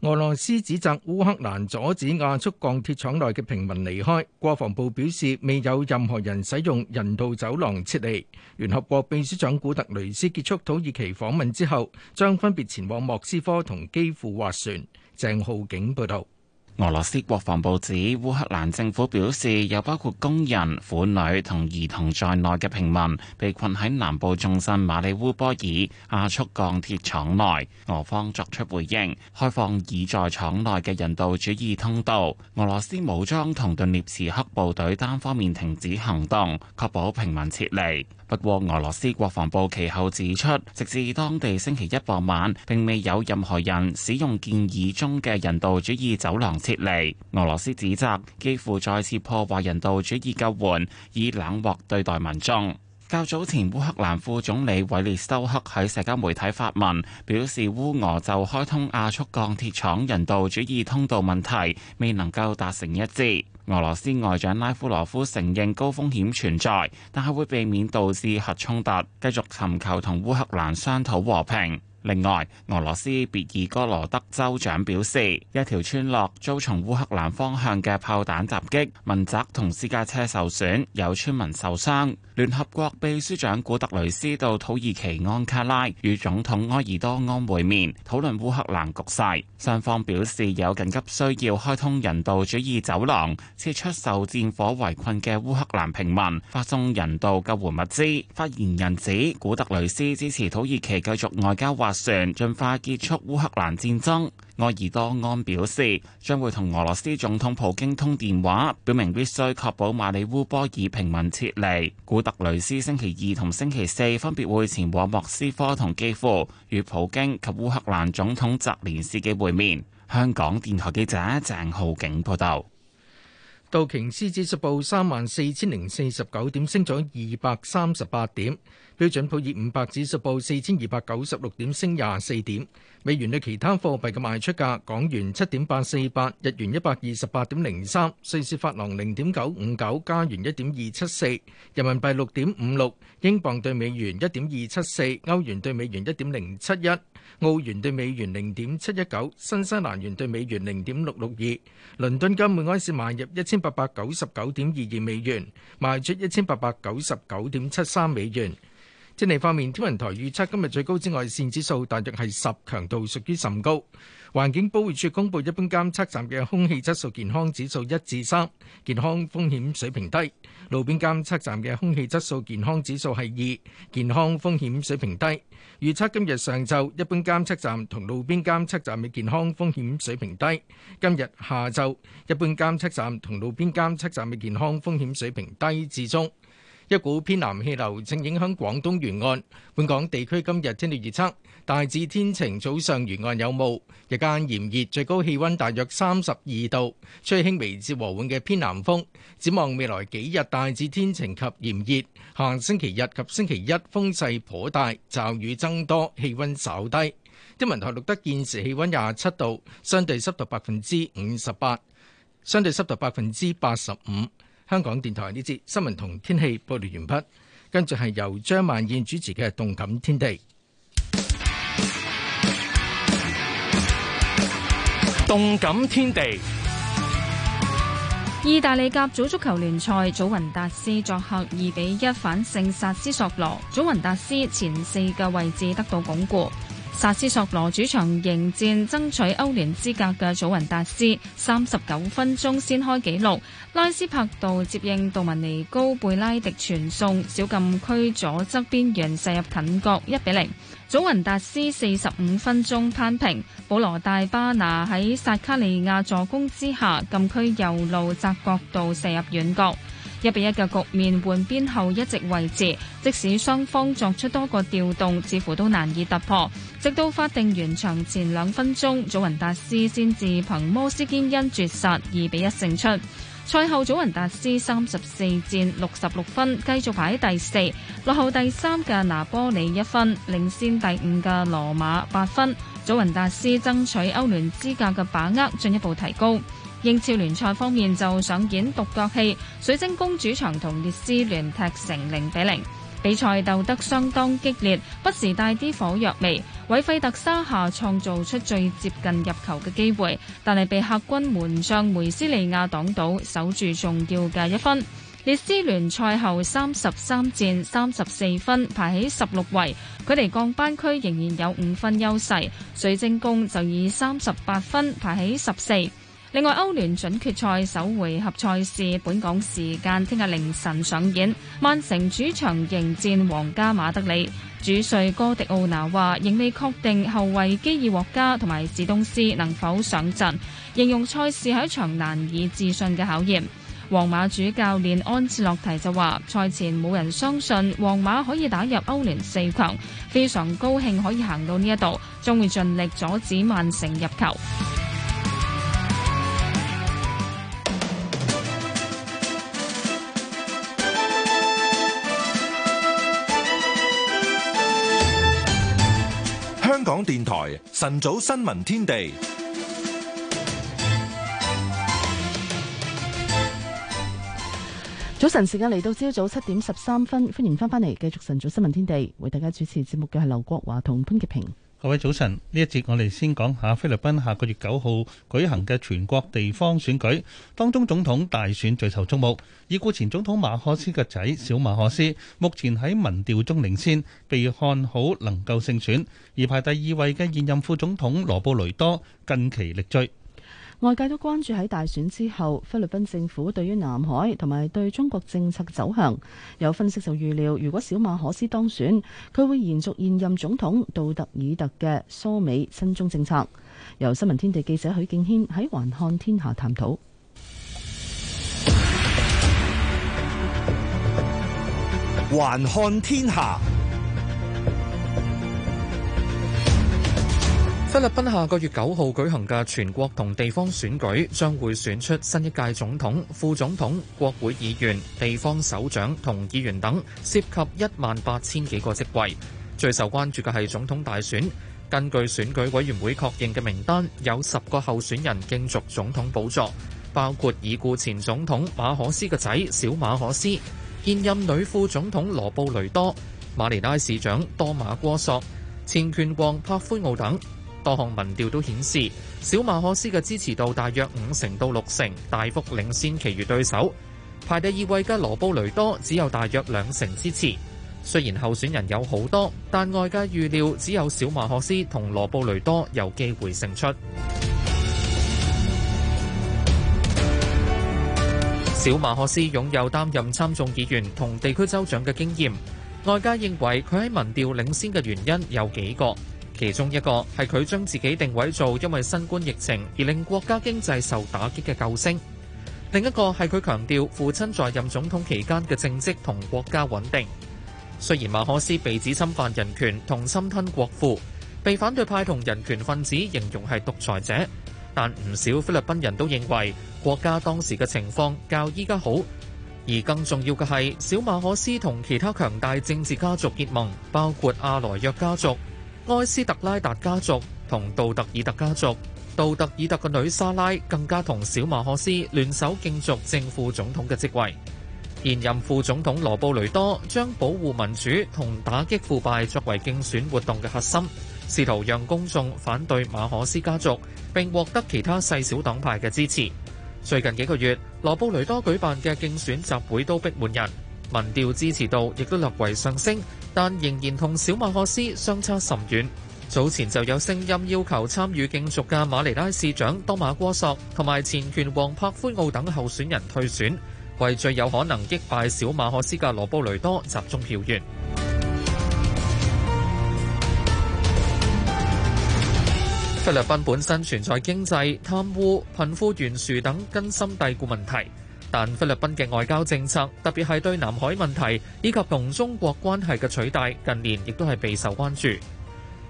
俄羅斯指責烏克蘭阻止亞速鋼鐵廠內嘅平民離開。國防部表示，未有任何人使用人道走廊撤離。聯合國秘書長古特雷斯結束土耳其訪問之後，將分別前往莫斯科同基輔斡旋。鄭浩景報道。俄羅斯國防部指，烏克蘭政府表示有包括工人、婦女同兒童在內嘅平民被困喺南部重鎮馬里烏波爾亞速鋼鐵廠內。俄方作出回應，開放已在廠內嘅人道主義通道。俄羅斯武裝同頓涅茨克部隊單方面停止行動，確保平民撤離。不過，俄羅斯國防部其後指出，直至當地星期一傍晚，並未有任何人使用建議中嘅人道主義走廊撤離。俄羅斯指責基輔再次破壞人道主義救援，以冷漠對待民眾。較早前，烏克蘭副總理韋列修克喺社交媒體發文，表示烏俄就開通亞速鋼鐵廠人道主義通道問題，未能夠達成一致。俄羅斯外長拉夫羅夫承認高風險存在，但係會避免導致核衝突，繼續尋求同烏克蘭商討和平。另外，俄羅斯別爾哥羅德州長表示，一條村落遭從烏克蘭方向嘅炮彈襲擊，民宅同私家車受損，有村民受傷。聯合國秘書長古特雷斯到土耳其安卡拉與總統埃爾多安會面，討論烏克蘭局勢。雙方表示有緊急需要開通人道主義走廊，撤出受戰火圍困嘅烏克蘭平民，發送人道救援物資。發言人指，古特雷斯支持土耳其繼續外交上盡快結束烏克蘭戰爭，埃爾多安表示將會同俄羅斯總統普京通電話，表明必須確保馬里烏波爾平民撤離。古特雷斯星期二同星期四分別會前往莫斯科同基輔，與普京及烏克蘭總統澤連斯基會面。香港電台記者鄭浩景報道。道瓊斯指數報三萬四千零四十九點，升咗二百三十八點。標準普爾五百指數報四千二百九十六點，升廿四點。美元對其他貨幣嘅賣出價：港元七點八四八，日元一百二十八點零三，瑞士法郎零點九五九，加元一點二七四，人民幣六點五六，英鎊對美元一點二七四，歐元對美元一點零七一，澳元對美元零點七一九，新西蘭元對美元零點六六二。倫敦金每盎司賣入一千八百九十九點二二美元，賣出一千八百九十九點七三美元。天氣方面，天文台預測今日最高紫外線指數大約係十，強度屬於甚高。環境保護署公布一般監測站嘅空氣質素健康指數一至三，健康風險水平低；路邊監測站嘅空氣質素健康指數係二，健康風險水平低。預測今日上晝一般監測站同路邊監測站嘅健康風險水平低；今日下晝一般監測站同路邊監測站嘅健康風險水平低至中。一股偏南氣流正影響廣東沿岸，本港地區今日天氣預測大致天晴，早上沿岸有霧，日間炎熱，最高氣温大約三十二度，吹輕微至和緩嘅偏南風。展望未來幾日大致天晴及炎熱，下星期日及星期一風勢頗大，驟雨增多，氣温稍低。天文台錄得現時氣温廿七度，相對濕度百分之五十八，相對濕度百分之八十五。香港電台呢節新聞同天氣播完畢，跟住係由張曼燕主持嘅《動感天地》。動感天地。意大利甲組足球聯賽，祖雲達斯作客二比一反勝薩斯索羅。祖雲達斯前四個位置得到鞏固，薩斯索羅主場迎戰爭取歐聯資格嘅祖雲達斯，三十九分鐘先開紀錄。拉斯柏道接應杜文尼高貝拉迪傳送，小禁區左側邊緣射入近角，一比零。祖雲達斯四十五分鐘扳平，保羅大巴拿喺薩卡利亞助攻之下，禁區右路窄角度射入遠角，一比一嘅局面換邊後一直維持，即使雙方作出多個調動，似乎都難以突破。直到法定完場前兩分鐘，祖雲達斯先至憑摩斯堅恩絕殺，二比一勝出。賽後，祖雲達斯三十四戰六十六分，繼續排喺第四，落後第三嘅拿波里一分，領先第五嘅羅馬八分。祖雲達斯爭取歐聯資格嘅把握進一步提高。英超聯賽方面就上演獨角戲，水晶宮主場同列斯聯踢成零比零。比賽鬥得相當激烈，不時帶啲火藥味。韋費特沙下創造出最接近入球嘅機會，但係被客軍門將梅斯利亞擋到，守住重要嘅一分。列斯聯賽後三十三戰三十四分，排喺十六位，佢哋離降班區仍然有五分優勢。水晶宮就以三十八分排喺十四。另外，歐聯準決賽首回合賽事，本港時間聽日凌晨上演。曼城主場迎戰皇家馬德里。主帥哥迪奧拿話，仍未確定後衛基爾獲加同埋史東斯能否上陣，形容賽事係一場難以置信嘅考驗。皇馬主教練安切洛提就話，賽前冇人相信皇馬可以打入歐聯四強，非常高興可以行到呢一度，將會盡力阻止曼城入球。港電台晨早新聞天地，早晨時間嚟到，朝早七點十三分，歡迎翻返嚟，繼續晨早新聞天地，為大家主持節目嘅係劉國華同潘潔平。各位早晨，呢一節我哋先講下菲律賓下個月九號舉行嘅全國地方選舉，當中總統大選最受矚目。已故前總統馬可斯嘅仔小馬可斯目前喺民調中領先，被看好能夠勝選，而排第二位嘅現任副總統羅布雷多近期力追。外界都關注喺大選之後菲律賓政府對於南海同埋對中國政策走向，有分析就預料，如果小馬可斯當選，佢會延續現任總統杜特爾特嘅疏美親中政策。由新聞天地記者許敬軒喺《環看天下》探討。環看天下。菲律賓下個月九號舉行嘅全國同地方選舉，將會選出新一屆總統、副總統、國會議員、地方首長同議員等，涉及一萬八千幾個職位。最受關注嘅係總統大選。根據選舉委員會確認嘅名單，有十個候選人競逐總統寶座，包括已故前總統馬可思嘅仔小馬可思、現任女副總統羅布雷多、馬尼拉市長多馬哥索、前拳王帕奎奧等。多項民調都顯示，小馬可斯嘅支持度大約五成到六成，大幅領先其餘對手。排第二位嘅羅布雷多只有大約兩成支持。雖然候選人有好多，但外界預料只有小馬可斯同羅布雷多有機會勝出。小馬可斯擁有擔任參眾議員同地區州長嘅經驗，外界認為佢喺民調領先嘅原因有幾個。其中一個係佢將自己定位做，因為新冠疫情而令國家經濟受打擊嘅救星；另一個係佢強調父親在任總統期間嘅政績同國家穩定。雖然馬可斯被指侵犯人權同侵吞國庫，被反對派同人權分子形容係獨裁者，但唔少菲律賓人都認為國家當時嘅情況較依家好，而更重要嘅係小馬可斯同其他強大政治家族結盟，包括阿萊約家族，埃斯特拉達家族同杜特爾特家族，杜特爾特嘅女莎拉更加同小馬可斯聯手競逐正副總統嘅職位。現任副總統羅布雷多將保護民主同打擊腐敗作為競選活動嘅核心，試圖讓公眾反對馬可斯家族，並獲得其他細小黨派嘅支持。最近幾個月，羅布雷多舉辦嘅競選集會都逼滿人。民調支持度亦都略為上升，但仍然同小馬可斯相差甚遠。早前就有聲音要求參與競逐嘅馬尼拉市長多馬戈索同埋前拳王帕奎奧等候選人退選，為最有可能擊敗小馬可斯嘅羅布雷多集中票源。 菲律賓本身存在經濟、貪污、貧富懸殊等根深蒂固問題。但菲律賓嘅外交政策，特別係對南海問題以及同中國關係嘅取態，近年亦都係備受關注。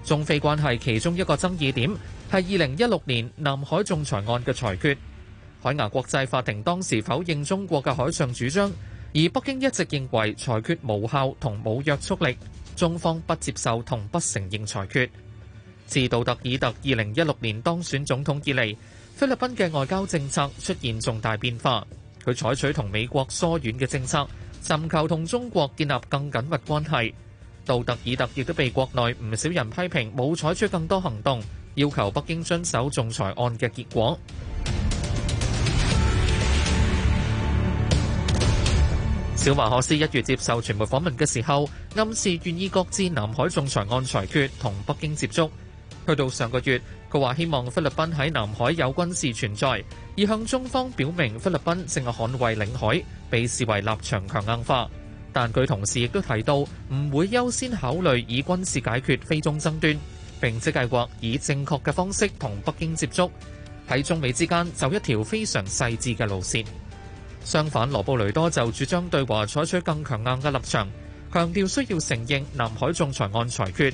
中菲關係其中一個爭議點係二零一六年南海仲裁案嘅裁決。海牙國際法庭當時否認中國嘅海上主張，而北京一直認為裁決無效同冇約束力，中方不接受同不承認裁決。自杜特爾特二零一六年當選總統以嚟，菲律賓嘅外交政策出現重大變化。佢採取同美國疏遠嘅政策，尋求同中國建立更緊密關係，杜特爾特亦都被國內唔少人批評冇採取更多行動要求北京遵守仲裁案嘅結果。小馬可斯一月接受傳媒訪問嘅時候，暗示願意擱置南海仲裁案裁決同北京接觸，去到上個月。佢話：希望菲律賓喺南海有軍事存在，而向中方表明菲律賓正係捍衛領海，被視為立場強硬化。但佢同時亦都提到，唔會優先考慮以軍事解決菲中爭端，並且計劃以正確嘅方式同北京接觸，喺中美之間走一條非常細緻嘅路線。相反，羅布雷多就主張對華採取更強硬嘅立場，強調需要承認南海仲裁案裁決。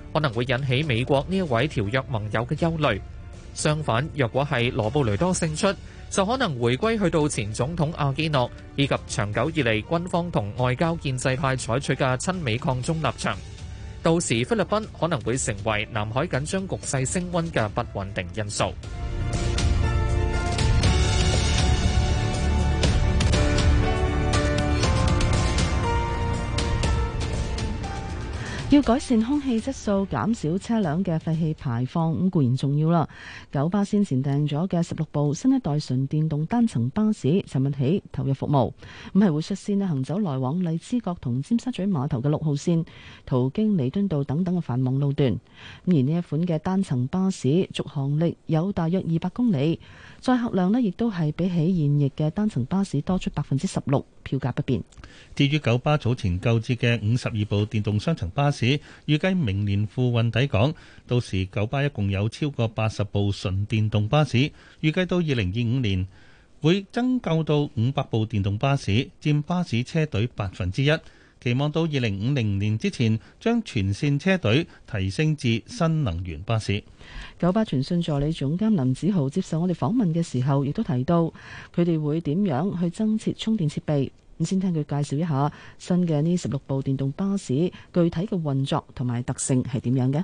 可能會引起美國呢一位條約盟友嘅憂慮。相反，若果係羅布雷多勝出，就可能回歸去到前總統阿基諾以及長久以嚟軍方同外交建制派採取嘅親美抗中立場。到時菲律賓可能會成為南海緊張局勢升溫嘅不穩定因素。要改善空氣質素，減少車輛嘅廢氣排放咁固然重要啦。九巴先前訂咗嘅十六部新一代純電動單層巴士，尋日起投入服務，咁係會率先行走來往荔枝角同尖沙咀碼頭嘅六號線，途經彌敦道等等嘅繁忙路段。而呢一款嘅單層巴士續航力有大約二百公里。載客量呢，亦都係比起現役嘅單層巴士多出百分之十六，票價不變。至於九巴早前購置嘅五十二部電動雙層巴士，預計明年付運抵港，到時九巴一共有超過八十部純電動巴士，預計到二零二五年會增購到五百部電動巴士，佔巴士車隊百分之一。期望到二零五零年之前，將全線車隊提升至新能源巴士。九巴全訊助理總監林子豪接受我哋訪問嘅時候，亦都提到佢哋會點樣去增設充電設備。先聽佢介紹一下新嘅呢十六部電動巴士具體嘅運作同埋特性係點樣嘅。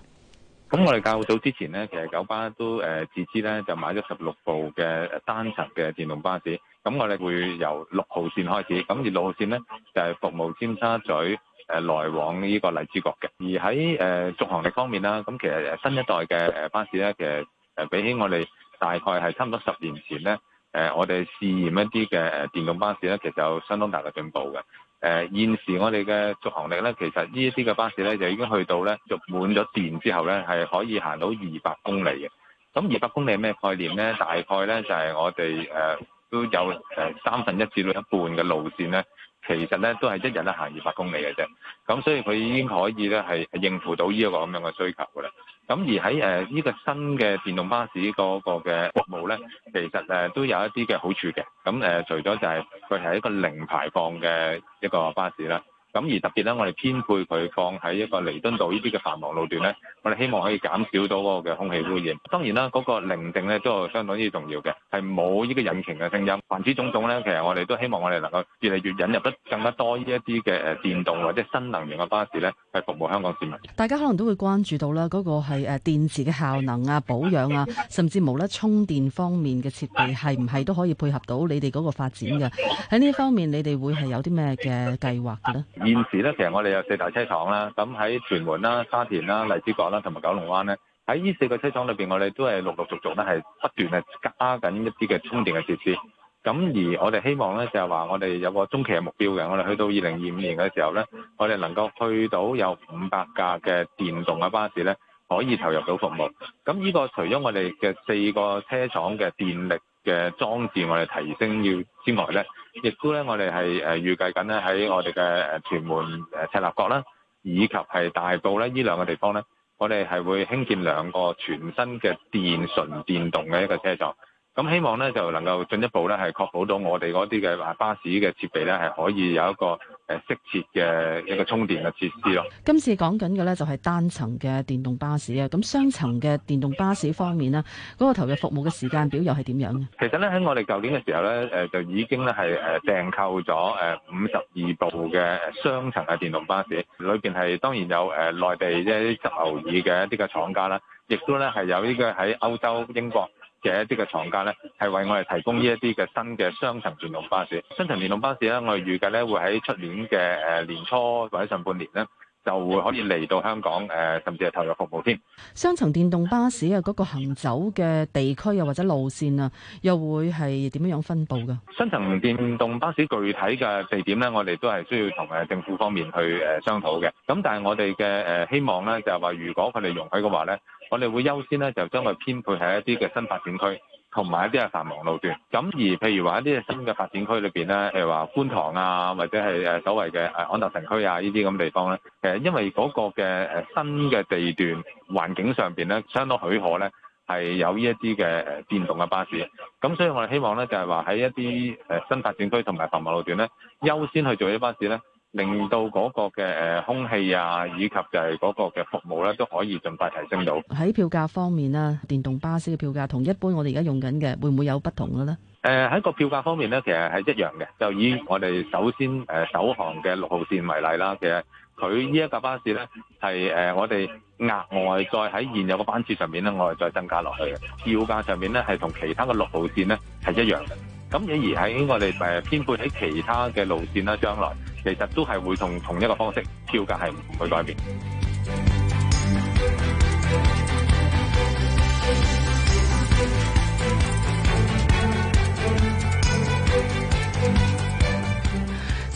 咁我哋較早之前呢，其實九巴都誒、呃、自資呢就買咗十六部嘅單層嘅電動巴士。咁我哋會由六號線開始，咁而六號線呢就係、是、服務尖沙咀誒來往呢個荔枝角嘅。而喺誒、呃、續航力方面啦，咁、啊、其實新一代嘅誒巴士呢，其實誒比起我哋大概係差唔多十年前呢，誒、呃、我哋試驗一啲嘅誒電動巴士呢，其實就有相當大嘅進步嘅。誒、呃、現時我哋嘅續航力咧，其實呢一啲嘅巴士咧，就已經去到咧，續滿咗電之後咧，係可以行到二百公里嘅。咁二百公里係咩概念咧？大概咧就係、是、我哋誒、呃、都有誒三分一至到一半嘅路線咧。其實咧都係一日咧行二百公里嘅啫，咁所以佢已經可以咧係應付到呢一個咁樣嘅需求嘅啦。咁而喺誒呢個新嘅電動巴士嗰個嘅服務咧，其實誒都有一啲嘅好處嘅。咁誒除咗就係佢係一個零排放嘅一個巴士啦。咁而特別咧，我哋編配佢放喺一個彌敦道呢啲嘅繁忙路段咧，我哋希望可以減少到嗰個嘅空氣污染。當然啦，嗰個寧靜咧都係相當之重要嘅，係冇呢個引擎嘅聲音。凡此種種咧，其實我哋都希望我哋能夠越嚟越引入得更加多呢一啲嘅誒電動或者新能源嘅巴士咧，去服務香港市民。大家可能都會關注到啦，嗰個係誒電池嘅效能啊、保養啊，甚至冇咧充電方面嘅設備係唔係都可以配合到你哋嗰個發展嘅？喺呢一方面，你哋會係有啲咩嘅計劃嘅咧？現時咧，其實我哋有四大車廠啦，咁喺屯門啦、沙田啦、荔枝角啦同埋九龍灣咧，喺呢四個車廠裏邊，我哋都係陸陸續續咧係不斷係加緊一啲嘅充電嘅設施。咁而我哋希望咧就係話，我哋有個中期嘅目標嘅，我哋去到二零二五年嘅時候咧，我哋能夠去到有五百架嘅電動嘅巴士咧可以投入到服務。咁呢個除咗我哋嘅四個車廠嘅電力嘅裝置我哋提升要之外咧。亦都咧，我哋係誒預計緊咧喺我哋嘅誒屯門誒赤鱲角啦，以及係大埔咧依兩個地方咧，我哋係會興建兩個全新嘅電純電動嘅一個車廠。咁希望咧，就能夠進一步咧，係確保到我哋嗰啲嘅巴士嘅設備咧，係可以有一個誒適切嘅一個充電嘅設施咯。今次講緊嘅咧，就係單層嘅電動巴士啊。咁雙層嘅電動巴士方面呢，嗰個投入服務嘅時間表又係點樣？其實咧，喺我哋舊年嘅時候咧，誒就已經咧係誒訂購咗誒五十二部嘅雙層嘅電動巴士，裏邊係當然有誒內地即係啲直流嘅一啲嘅廠家啦，亦都咧係有呢個喺歐洲英國，嘅一啲嘅廠家咧，係為我哋提供呢一啲嘅新嘅雙層電動巴士。雙層電動巴士咧，我哋預計咧會喺出年嘅誒年初或者上半年咧，就會可以嚟到香港誒，甚至係投入服務添。雙層電動巴士嘅嗰、那個行走嘅地區啊，或者路線啊，又會係點樣樣分布噶？雙層電動巴士具體嘅地點咧，我哋都係需要同誒政府方面去誒商討嘅。咁但係我哋嘅誒希望咧，就係、是、話如果佢哋容許嘅話咧。我哋會優先咧，就將佢編配喺一啲嘅新發展區，同埋一啲嘅繁忙路段。咁而譬如話一啲嘅新嘅發展區裏邊咧，譬如話觀塘啊，或者係誒所謂嘅誒安達城區啊，呢啲咁地方咧，誒因為嗰個嘅誒新嘅地段環境上邊咧，相當許可咧，係有呢一啲嘅誒電動嘅巴士。咁所以我哋希望咧，就係話喺一啲誒新發展區同埋繁忙路段咧，優先去做一啲巴士咧。令到嗰個嘅誒空氣啊，以及就係嗰個嘅服務咧，都可以盡快提升到。喺票價方面咧，電動巴士嘅票價同一般我哋而家用緊嘅會唔會有不同嘅咧？誒，喺個票價方面咧，其實係一樣嘅。就以我哋首先誒首航嘅六號綫為例啦，其實佢呢一架巴士咧係誒我哋額外再喺現有嘅班次上面咧，我哋再增加落去嘅。票價上面咧係同其他嘅六號綫咧係一樣嘅。咁而而喺我哋誒編配喺其他嘅路線啦，將來其實都係會同同一個方式，票價係唔會改變。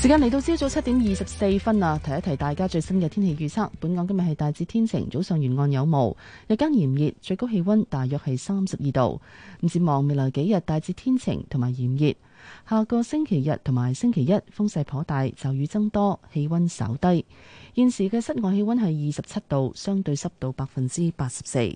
時間嚟到朝早七點二十四分啊。提一提大家最新嘅天氣預測。本港今日係大致天晴，早上沿岸有霧，日間炎熱，最高氣温大約係三十二度。唔展望未來幾日大致天晴同埋炎熱，下個星期日同埋星期一風勢頗大，驟雨增多，氣温稍低。現時嘅室外氣温係二十七度，相對濕度百分之八十四。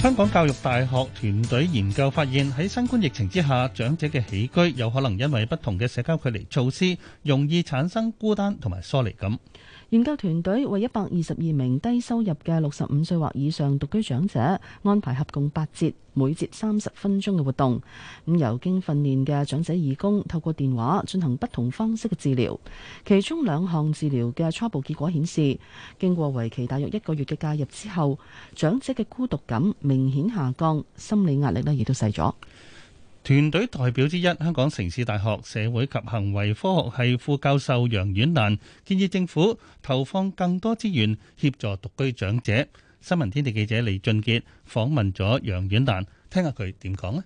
香港教育大學團隊研究發現，喺新冠疫情之下，長者嘅起居有可能因為不同嘅社交距離措施，容易產生孤單同埋疏離感。研究團隊為一百二十二名低收入嘅六十五歲或以上獨居長者安排合共八節，每節三十分鐘嘅活動。咁由經訓練嘅長者義工透過電話進行不同方式嘅治療。其中兩項治療嘅初步結果顯示，經過為期大約一個月嘅介入之後，長者嘅孤獨感明顯下降，心理壓力呢亦都細咗。團隊代表之一，香港城市大學社會及行為科學系副教授楊婉蘭建議政府投放更多資源協助獨居長者。新聞天地記者李俊傑訪問咗楊婉蘭，聽下佢點講啊！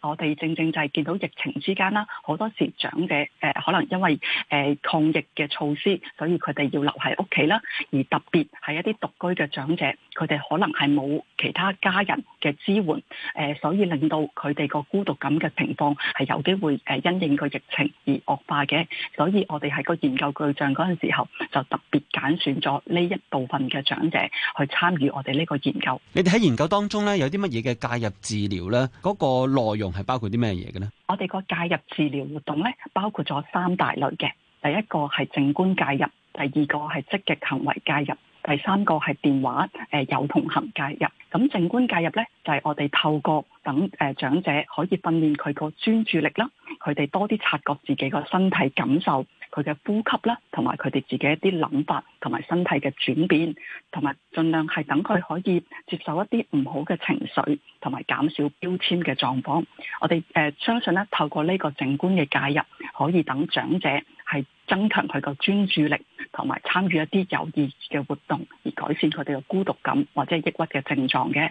我哋正正就係見到疫情之間啦，好多時長者誒、呃、可能因為誒、呃、抗疫嘅措施，所以佢哋要留喺屋企啦。而特別係一啲獨居嘅長者，佢哋可能係冇其他家人嘅支援，誒、呃，所以令到佢哋個孤獨感嘅情況，係有機會誒因應個疫情而惡化嘅。所以我哋喺個研究對象嗰陣時候，就特別揀選咗呢一部分嘅長者去參與我哋呢個研究。你哋喺研究當中咧，有啲乜嘢嘅介入治療咧？嗰、嗰個內容？係包括啲咩嘢嘅咧？我哋個介入治療活動咧，包括咗三大類嘅。第一個係靜觀介入，第二個係積極行為介入，第三個係電話誒有同行介入。咁靜觀介入咧，就係我哋透過等誒長者可以訓練佢個專注力啦，佢哋多啲察覺自己個身體感受。佢嘅呼吸啦，同埋佢哋自己一啲諗法，同埋身體嘅轉變，同埋盡量係等佢可以接受一啲唔好嘅情緒，同埋減少標籤嘅狀況。我哋誒、呃、相信咧，透過呢個靜觀嘅介入，可以等長者係增強佢個專注力。同埋參與一啲有意義嘅活動，而改善佢哋嘅孤獨感或者抑鬱嘅症狀嘅。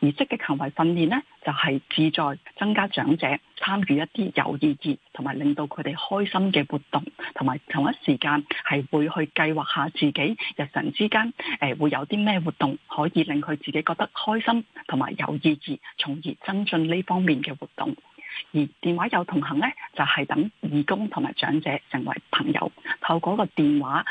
而積極行為訓練咧，就係志在增加長者參與一啲有意義，同埋令到佢哋開心嘅活動，同埋同一時間係會去計劃下自己日常之間，誒會有啲咩活動可以令佢自己覺得開心同埋有意義，從而增進呢方面嘅活動。而電話有同行咧，就係等義工同埋長者成為朋友，透過個電話，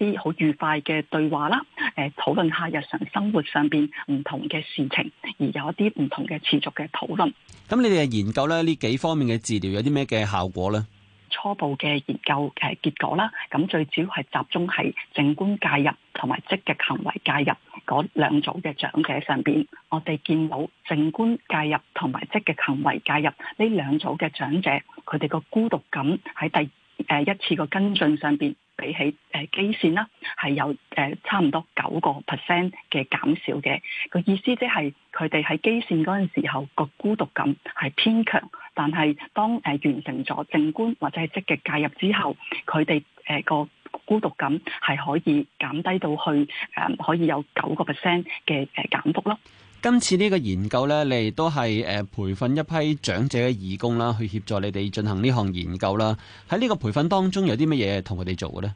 一啲好愉快嘅對話啦，誒討論下日常生活上邊唔同嘅事情，而有一啲唔同嘅持續嘅討論。咁你哋研究咧呢幾方面嘅治療有啲咩嘅效果咧？初步嘅研究嘅結果啦，咁最主要係集中喺靜觀介入同埋積極行為介入嗰兩組嘅長者上邊，我哋見到靜觀介入同埋積極行為介入呢兩組嘅長者，佢哋個孤獨感喺第誒一次個跟進上邊，比起誒基線啦，係有誒差唔多九個 percent 嘅減少嘅。個意思即係佢哋喺基線嗰陣時候個孤獨感係偏強，但係當誒完成咗正觀或者係積極介入之後，佢哋誒個孤獨感係可以減低到去誒可以有九個 percent 嘅誒減幅咯。今次呢個研究呢，你哋都係誒培訓一批長者嘅義工啦，去協助你哋進行呢項研究啦。喺呢個培訓當中有啲乜嘢同佢哋做嘅呢？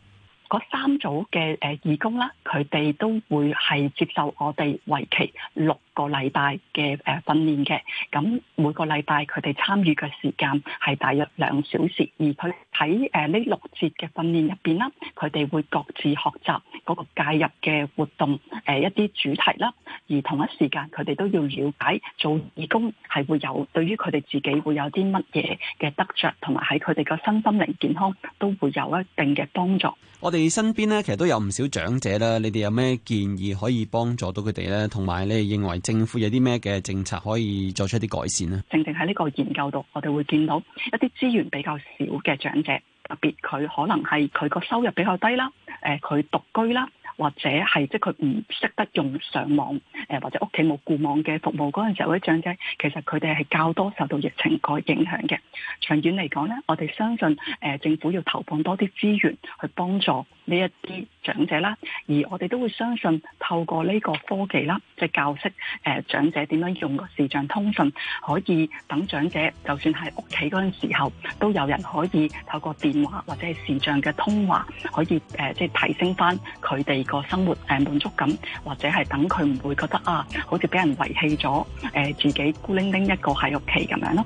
嗰三組嘅誒義工啦，佢哋都會係接受我哋為期六個禮拜嘅誒訓練嘅，咁每個禮拜佢哋參與嘅時間係大約兩小時。而佢喺誒呢六節嘅訓練入邊啦，佢哋會各自學習嗰個介入嘅活動誒一啲主題啦。而同一時間，佢哋都要了解做義工係會有對於佢哋自己會有啲乜嘢嘅得着，同埋喺佢哋個身心靈健康都會有一定嘅幫助。我哋身邊咧其實都有唔少長者啦，你哋有咩建議可以幫助到佢哋咧？同埋你認為？政府有啲咩嘅政策可以做出一啲改善呢？正正喺呢個研究度，我哋會見到一啲資源比較少嘅長者，特別佢可能係佢個收入比較低啦，誒，佢獨居啦。或者係即係佢唔識得用上網，誒、呃、或者屋企冇固網嘅服務嗰陣時候啲長者，其實佢哋係較多受到疫情個影響嘅。長遠嚟講咧，我哋相信誒、呃、政府要投放多啲資源去幫助呢一啲長者啦，而我哋都會相信透過呢個科技啦，即係教識誒、呃、長者點樣用個視像通訊，可以等長者就算係屋企嗰陣時候都有人可以透過電話或者係視像嘅通話，可以誒、呃、即係提升翻佢哋。個生活誒滿足感，或者係等佢唔會覺得啊，好似俾人遺棄咗誒、呃，自己孤零零一個喺屋企咁樣咯。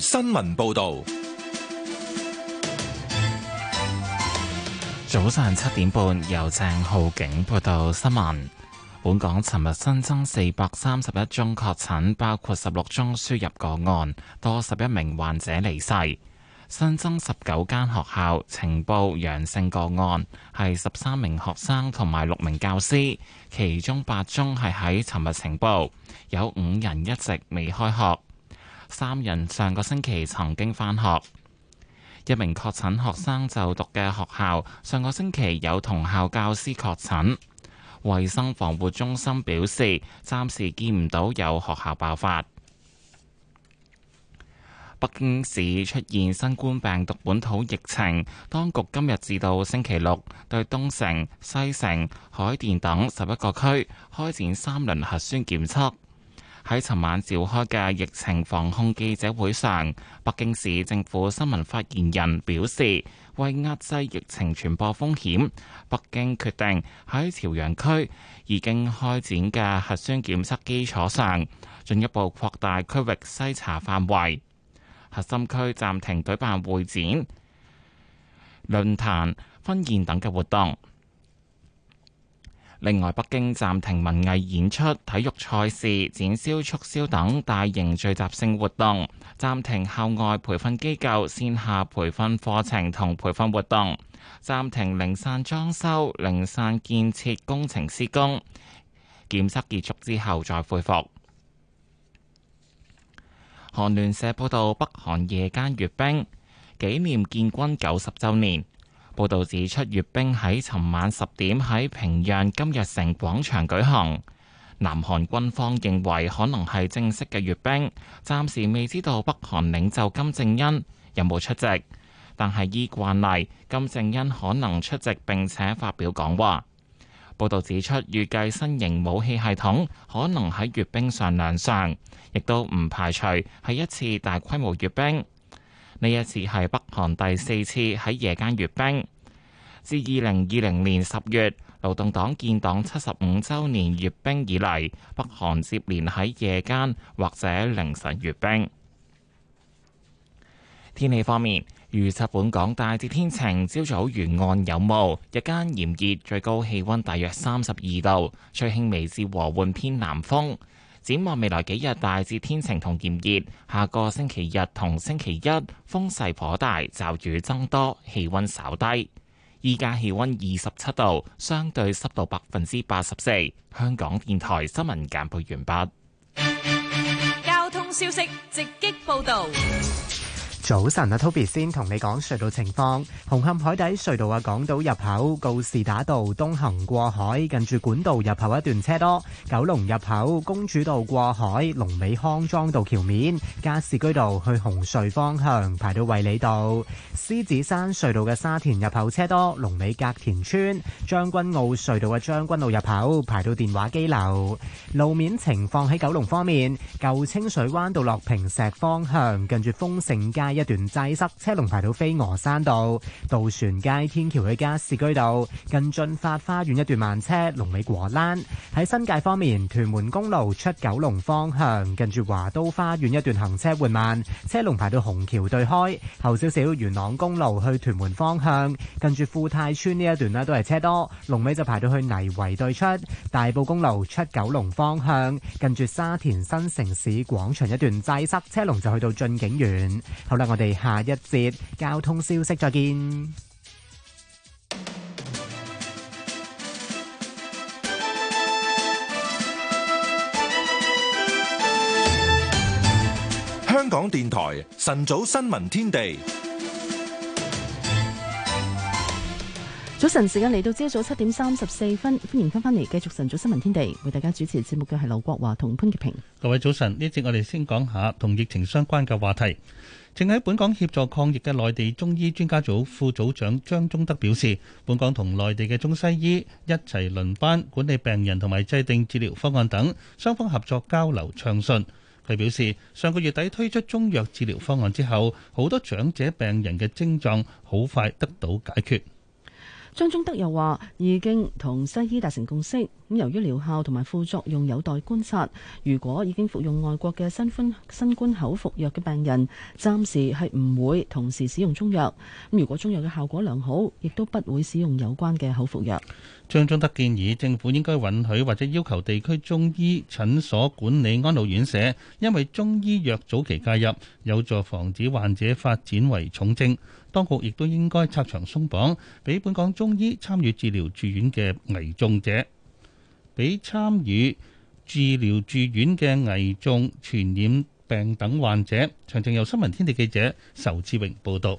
新聞報道，早上七點半由鄭浩景報道新聞。本港尋日新增四百三十一宗確診，包括十六宗輸入個案，多十一名患者離世。新增十九間學校呈報陽性個案，係十三名學生同埋六名教師，其中八宗係喺尋日呈報，有五人一直未開學。三人上個星期曾經返學，一名確診學生就讀嘅學校上個星期有同校教師確診。衞生防護中心表示，暫時見唔到有學校爆發。北京市出現新冠病毒本土疫情，當局今日至到星期六對東城、西城、海淀等十一個區開展三輪核酸檢測。喺尋晚召開嘅疫情防控記者會上，北京市政府新聞發言人表示，為壓制疫情傳播風險，北京決定喺朝陽區已經開展嘅核酸檢測基礎上，進一步擴大區域篩查範圍，核心區暫停舉辦會展、論壇、婚宴等嘅活動。另外，北京暫停文藝演出、體育賽事、展銷促銷等大型聚集性活動；暫停校外培訓機構線下培訓課程同培訓活動；暫停零散裝修、零散建設工程施工。檢測結束之後再恢復。韓聯社報道，北韓夜間閱兵，紀念建軍九十週年。報道指出，閱兵喺尋晚十點喺平壤金日成廣場舉行。南韓軍方認為可能係正式嘅閱兵，暫時未知道北韓領袖金正恩有冇出席，但係依慣例，金正恩可能出席並且發表講話。報道指出，預計新型武器系統可能喺閱兵上亮相，亦都唔排除係一次大規模閱兵。呢一次係北韓第四次喺夜間閱兵，自二零二零年十月勞動黨建黨七十五週年閱兵以嚟，北韓接連喺夜間或者凌晨閱兵。天氣方面，預測本港大致天晴，朝早沿岸有霧，日間炎熱，最高氣温大約三十二度，吹輕微至和緩偏南風。展望未來幾日，大致天晴同炎熱。下個星期日同星期一風勢頗大，驟雨增多，氣温稍低。依家氣温二十七度，相對濕度百分之八十四。香港電台新聞簡報完畢。交通消息直擊報導。早晨啊，Toby 先同你講隧道情況。紅磡海底隧道啊，港島入口告士打道東行過海，近住管道入口一段車多。九龍入口公主道過海，龍尾康莊道橋面，加士居道去紅隧方向排到衛理道。獅子山隧道嘅沙田入口車多，龍尾隔田村，將軍澳隧道嘅將軍澳入口排到電話機樓。路面情況喺九龍方面，舊清水灣到樂平石方向，近住豐盛街。一段擠塞，車龍排到飛鵝山道、渡船街天橋嘅加士居道，近俊發花園一段慢車，龍尾過果欄。喺新界方面，屯門公路出九龍方向，近住華都花園一段行車緩慢，車龍排到紅橋對開。後少少元朗公路去屯門方向，近住富泰村呢一段咧都係車多，龍尾就排到去泥圍對出。大埔公路出九龍方向，近住沙田新城市廣場一段擠塞，車龍就去到俊景園。後來我哋下一節交通消息再見。香港電台晨早新聞天地，早晨時間嚟到朝早七點三十四分，歡迎翻返嚟，繼續晨早新聞天地，為大家主持節目嘅係劉國華同潘潔平。各位早晨，呢節我哋先講下同疫情相關嘅話題。正喺本港協助抗疫嘅內地中醫專家組副組長張忠德表示，本港同內地嘅中西醫一齊輪班管理病人同埋制定治療方案等，雙方合作交流暢順。佢表示，上個月底推出中藥治療方案之後，好多長者病人嘅症狀好快得到解決。張忠德又話：已經同西醫達成共識，咁由於療效同埋副作用有待觀察，如果已經服用外國嘅新冠新冠口服藥嘅病人，暫時係唔會同時使用中藥。咁如果中藥嘅效果良好，亦都不會使用有關嘅口服藥。張忠德建議政府應該允許或者要求地區中醫診所管理安老院舍，因為中醫藥早期介入有助防止患者發展為重症。當局亦都應該拆牆鬆綁，俾本港中醫參與治療住院嘅危重者，俾參與治療住院嘅危重傳染病等患者。詳情由新聞天地記者仇志榮報道。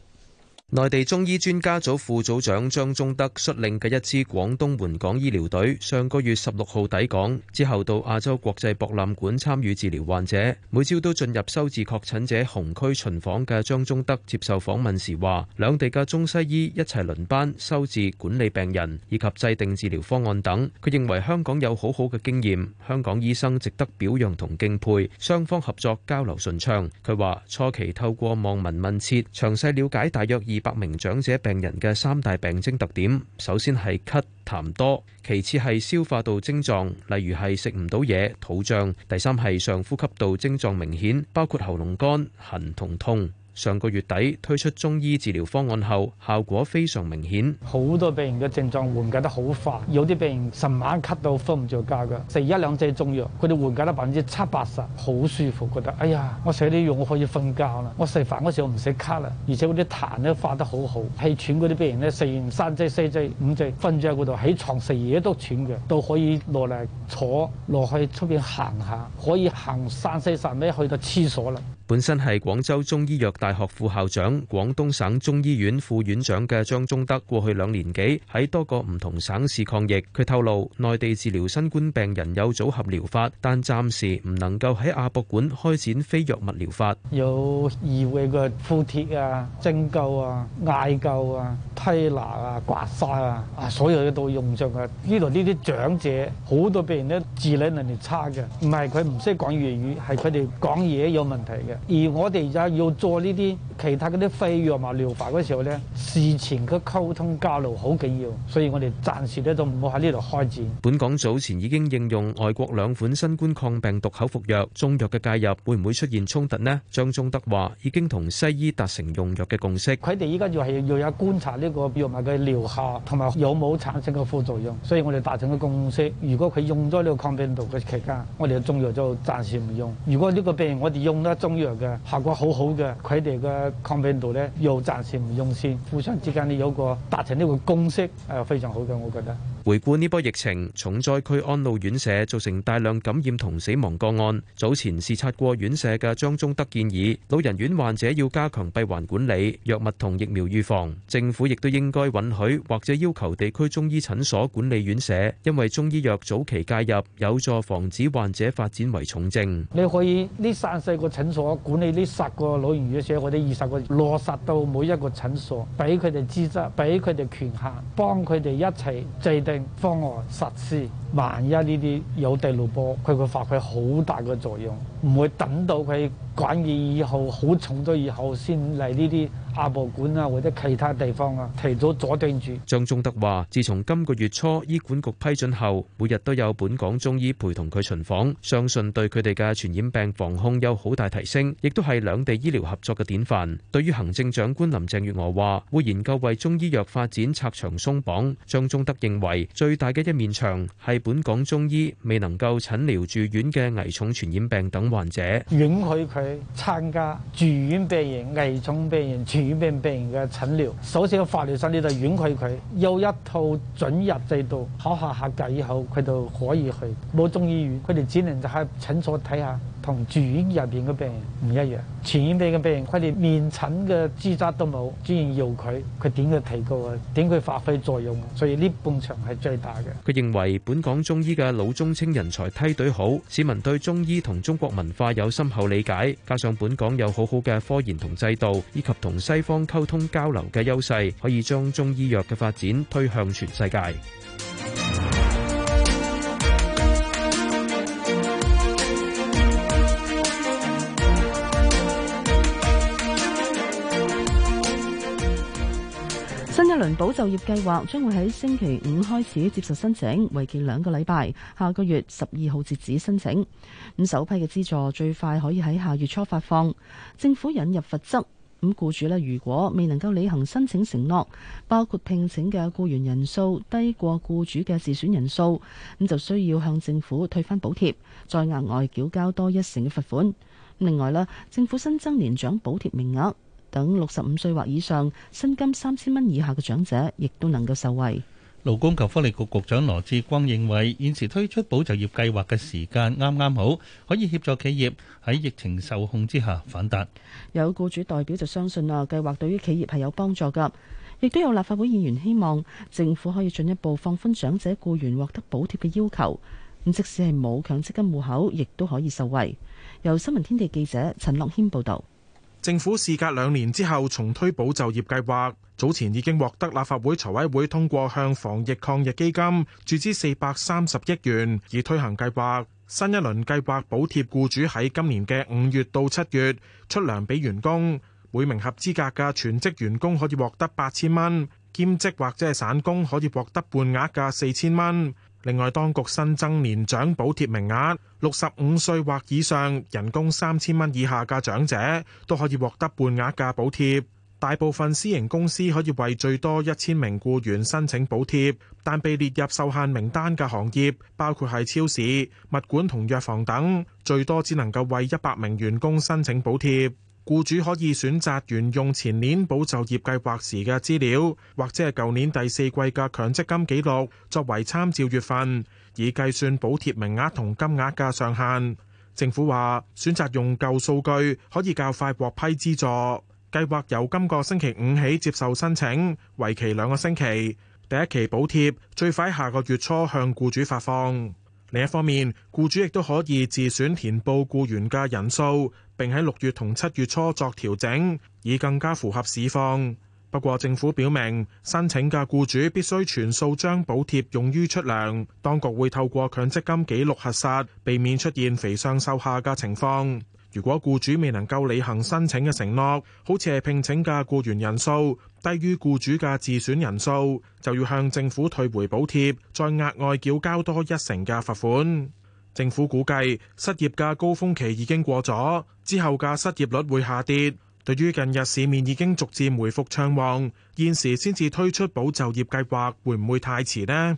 內地中醫專家組副組長張忠德率領嘅一支廣東援港醫療隊上個月十六號抵港之後，到亞洲國際博覽館參與治療患者。每朝都進入收治確診者紅區巡訪嘅張忠德接受訪問時話：兩地嘅中西醫一齊輪班收治、管理病人以及制定治療方案等。佢認為香港有好好嘅經驗，香港醫生值得表揚同敬佩，雙方合作交流順暢。佢話初期透過望聞問切，詳細了解大約二二百名長者病人嘅三大病徵特點，首先係咳痰多，其次係消化道症狀，例如係食唔到嘢、肚脹，第三係上呼吸道症狀明顯，包括喉嚨乾、痕同痛、痛。上個月底推出中醫治療方案後，效果非常明顯。好多病人嘅症狀緩解得好快，有啲病人成晚咳到瞓唔着覺嘅，食一兩劑中藥，佢哋緩解得百分之七八十，好舒服，覺得哎呀，我食啲藥我可以瞓覺啦，我食飯嗰時我唔使咳啦，而且嗰啲痰咧化得好好，氣喘嗰啲病人咧食完三劑、四劑、五劑，瞓住喺嗰度起床食嘢都喘嘅，都可以落嚟坐，落去出邊行下，可以行三四十米去到廁所啦。本身係廣州中醫藥大學副校長、廣東省中醫院副院長嘅張忠德，過去兩年幾，喺多個唔同省市抗疫。佢透露，內地治療新冠病人有組合療法，但暫時唔能夠喺亞博館開展非藥物療法。有二味嘅敷貼啊、針灸啊、艾灸啊、推拿啊、刮痧啊，啊所有嘢都用上嘅。呢度呢啲長者好多病人咧自理能力差嘅，唔係佢唔識講粵語，係佢哋講嘢有問題嘅。而我哋就要做呢啲其他嗰啲西藥同埋療法嗰時候咧，事前嘅溝通交流好緊要，所以我哋暫時咧就唔好喺呢度開展。本港早前已經應用外國兩款新冠抗病毒口服藥，中藥嘅介入會唔會出現衝突呢？張忠德話已經同西醫達成用藥嘅共識，佢哋依家，要係要有觀察呢個藥物嘅療效，同埋有冇產生嘅副作用。所以我哋達成咗共識，如果佢用咗呢個抗病毒嘅期間，我哋嘅中藥就暫時唔用。如果呢個病我哋用咗中藥。效果好好嘅，佢哋嘅抗病毒咧又暫時唔用先，互相之間咧有個達成呢個共識，係非常好嘅，我覺得。回顧呢波疫情，重災區安老院舍造成大量感染同死亡個案。早前視察過院舍嘅張忠德建議，老人院患者要加強閉環管理、藥物同疫苗預防。政府亦都應該允許或者要求地區中醫診所管理院舍，因為中醫藥早期介入有助防止患者發展為重症。你可以呢三四個診所。管理呢十個老人院嘅時候，或者二十個落實到每一個診所，俾佢哋資質，俾佢哋權限，幫佢哋一齊制定方案實施。萬一呢啲有第六波，佢會發揮好大嘅作用，唔會等到佢感染以後好重咗以後先嚟呢啲亞博館啊或者其他地方啊，提早阻斷住。張忠德話，自從今個月初醫管局批准後，每日都有本港中醫陪同佢巡訪，相信對佢哋嘅傳染病防控有好大提升，亦都係兩地醫療合作嘅典範。對於行政長官林鄭月娥話會研究為中醫藥發展拆牆鬆綁，張忠德認為最大嘅一面牆係。本港中醫未能夠診療住院嘅危重傳染病等患者，允許佢參加住院病人、危重病人、傳染病病人嘅診療。首先個法律上，呢度允許佢有一套準入制度，考核合格以後，佢就可以去。冇中醫院，佢哋只能就喺診所睇下。同住院入邊嘅病人唔一樣，前院俾嘅病人佢連面診嘅資質都冇，居然要佢，佢點去提高啊？點去發揮作用啊？所以呢半場係最大嘅。佢認為本港中醫嘅老中青人才梯隊好，市民對中醫同中國文化有深厚理解，加上本港有好好嘅科研同制度，以及同西方溝通交流嘅優勢，可以將中醫藥嘅發展推向全世界。輪保就業計劃將會喺星期五開始接受申請，為期兩個禮拜，下個月十二號截止申請。咁、嗯、首批嘅資助最快可以喺下月初發放。政府引入罰則，咁、嗯、僱主呢，如果未能夠履行申請承諾，包括聘請嘅僱員人數低過僱主嘅自選人數，咁、嗯、就需要向政府退返補貼，再額外繳交多一成嘅罰款。另外呢，政府新增年長補貼名額。等六十五歲或以上，薪金三千蚊以下嘅長者，亦都能夠受惠。勞工及福利局局長羅志光認為，現時推出保就業計劃嘅時間啱啱好，可以協助企業喺疫情受控之下反彈。有僱主代表就相信啦、啊，計劃對於企業係有幫助㗎，亦都有立法會議員希望政府可以進一步放寬長者僱員獲得補貼嘅要求，咁即使係冇強積金戶口，亦都可以受惠。由新聞天地記者陳樂謙報道。政府事隔兩年之後重推保就業計劃，早前已經獲得立法會財委會通過向防疫抗疫基金注資四百三十億元，而推行計劃新一輪計劃補貼僱主喺今年嘅五月到七月出糧俾員工，每名合資格嘅全職員工可以獲得八千蚊，兼職或者係散工可以獲得半額嘅四千蚊。另外，當局新增年長補貼名額，六十五歲或以上、人工三千蚊以下嘅長者都可以獲得半額嘅補貼。大部分私營公司可以為最多一千名僱員申請補貼，但被列入受限名單嘅行業，包括係超市、物管同藥房等，最多只能夠為一百名員工申請補貼。雇主可以選擇沿用前年保就業計劃時嘅資料，或者係舊年第四季嘅強積金記錄作為參照月份，以計算補貼名額同金額嘅上限。政府話選擇用舊數據可以較快獲批資助，計劃由今個星期五起接受申請，為期兩個星期。第一期補貼最快下個月初向雇主發放。另一方面，雇主亦都可以自選填報僱員嘅人數，並喺六月同七月初作調整，以更加符合市況。不過政府表明申請嘅雇主必須全數將補貼用於出糧，當局會透過強積金記錄核實，避免出現肥上瘦下嘅情況。如果僱主未能夠履行申請嘅承諾，好似係聘請嘅僱員人數低於僱主嘅自選人數，就要向政府退回補貼，再額外繳交多一成嘅罰款。政府估計失業嘅高峰期已經過咗，之後嘅失業率會下跌。對於近日市面已經逐漸回復暢旺，現時先至推出保就業計劃，會唔會太遲呢？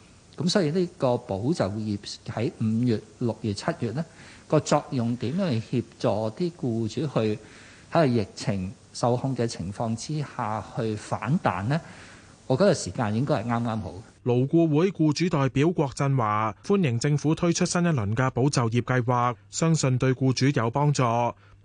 咁所以呢個保就業喺五月、六月、七月呢個作用點樣去協助啲僱主去喺疫情受控嘅情況之下去反彈呢，我覺得時間應該剛剛，係啱啱好。勞顧會，僱主代表郭振華歡迎政府推出新一輪嘅保就業計劃，相信對僱主有幫助，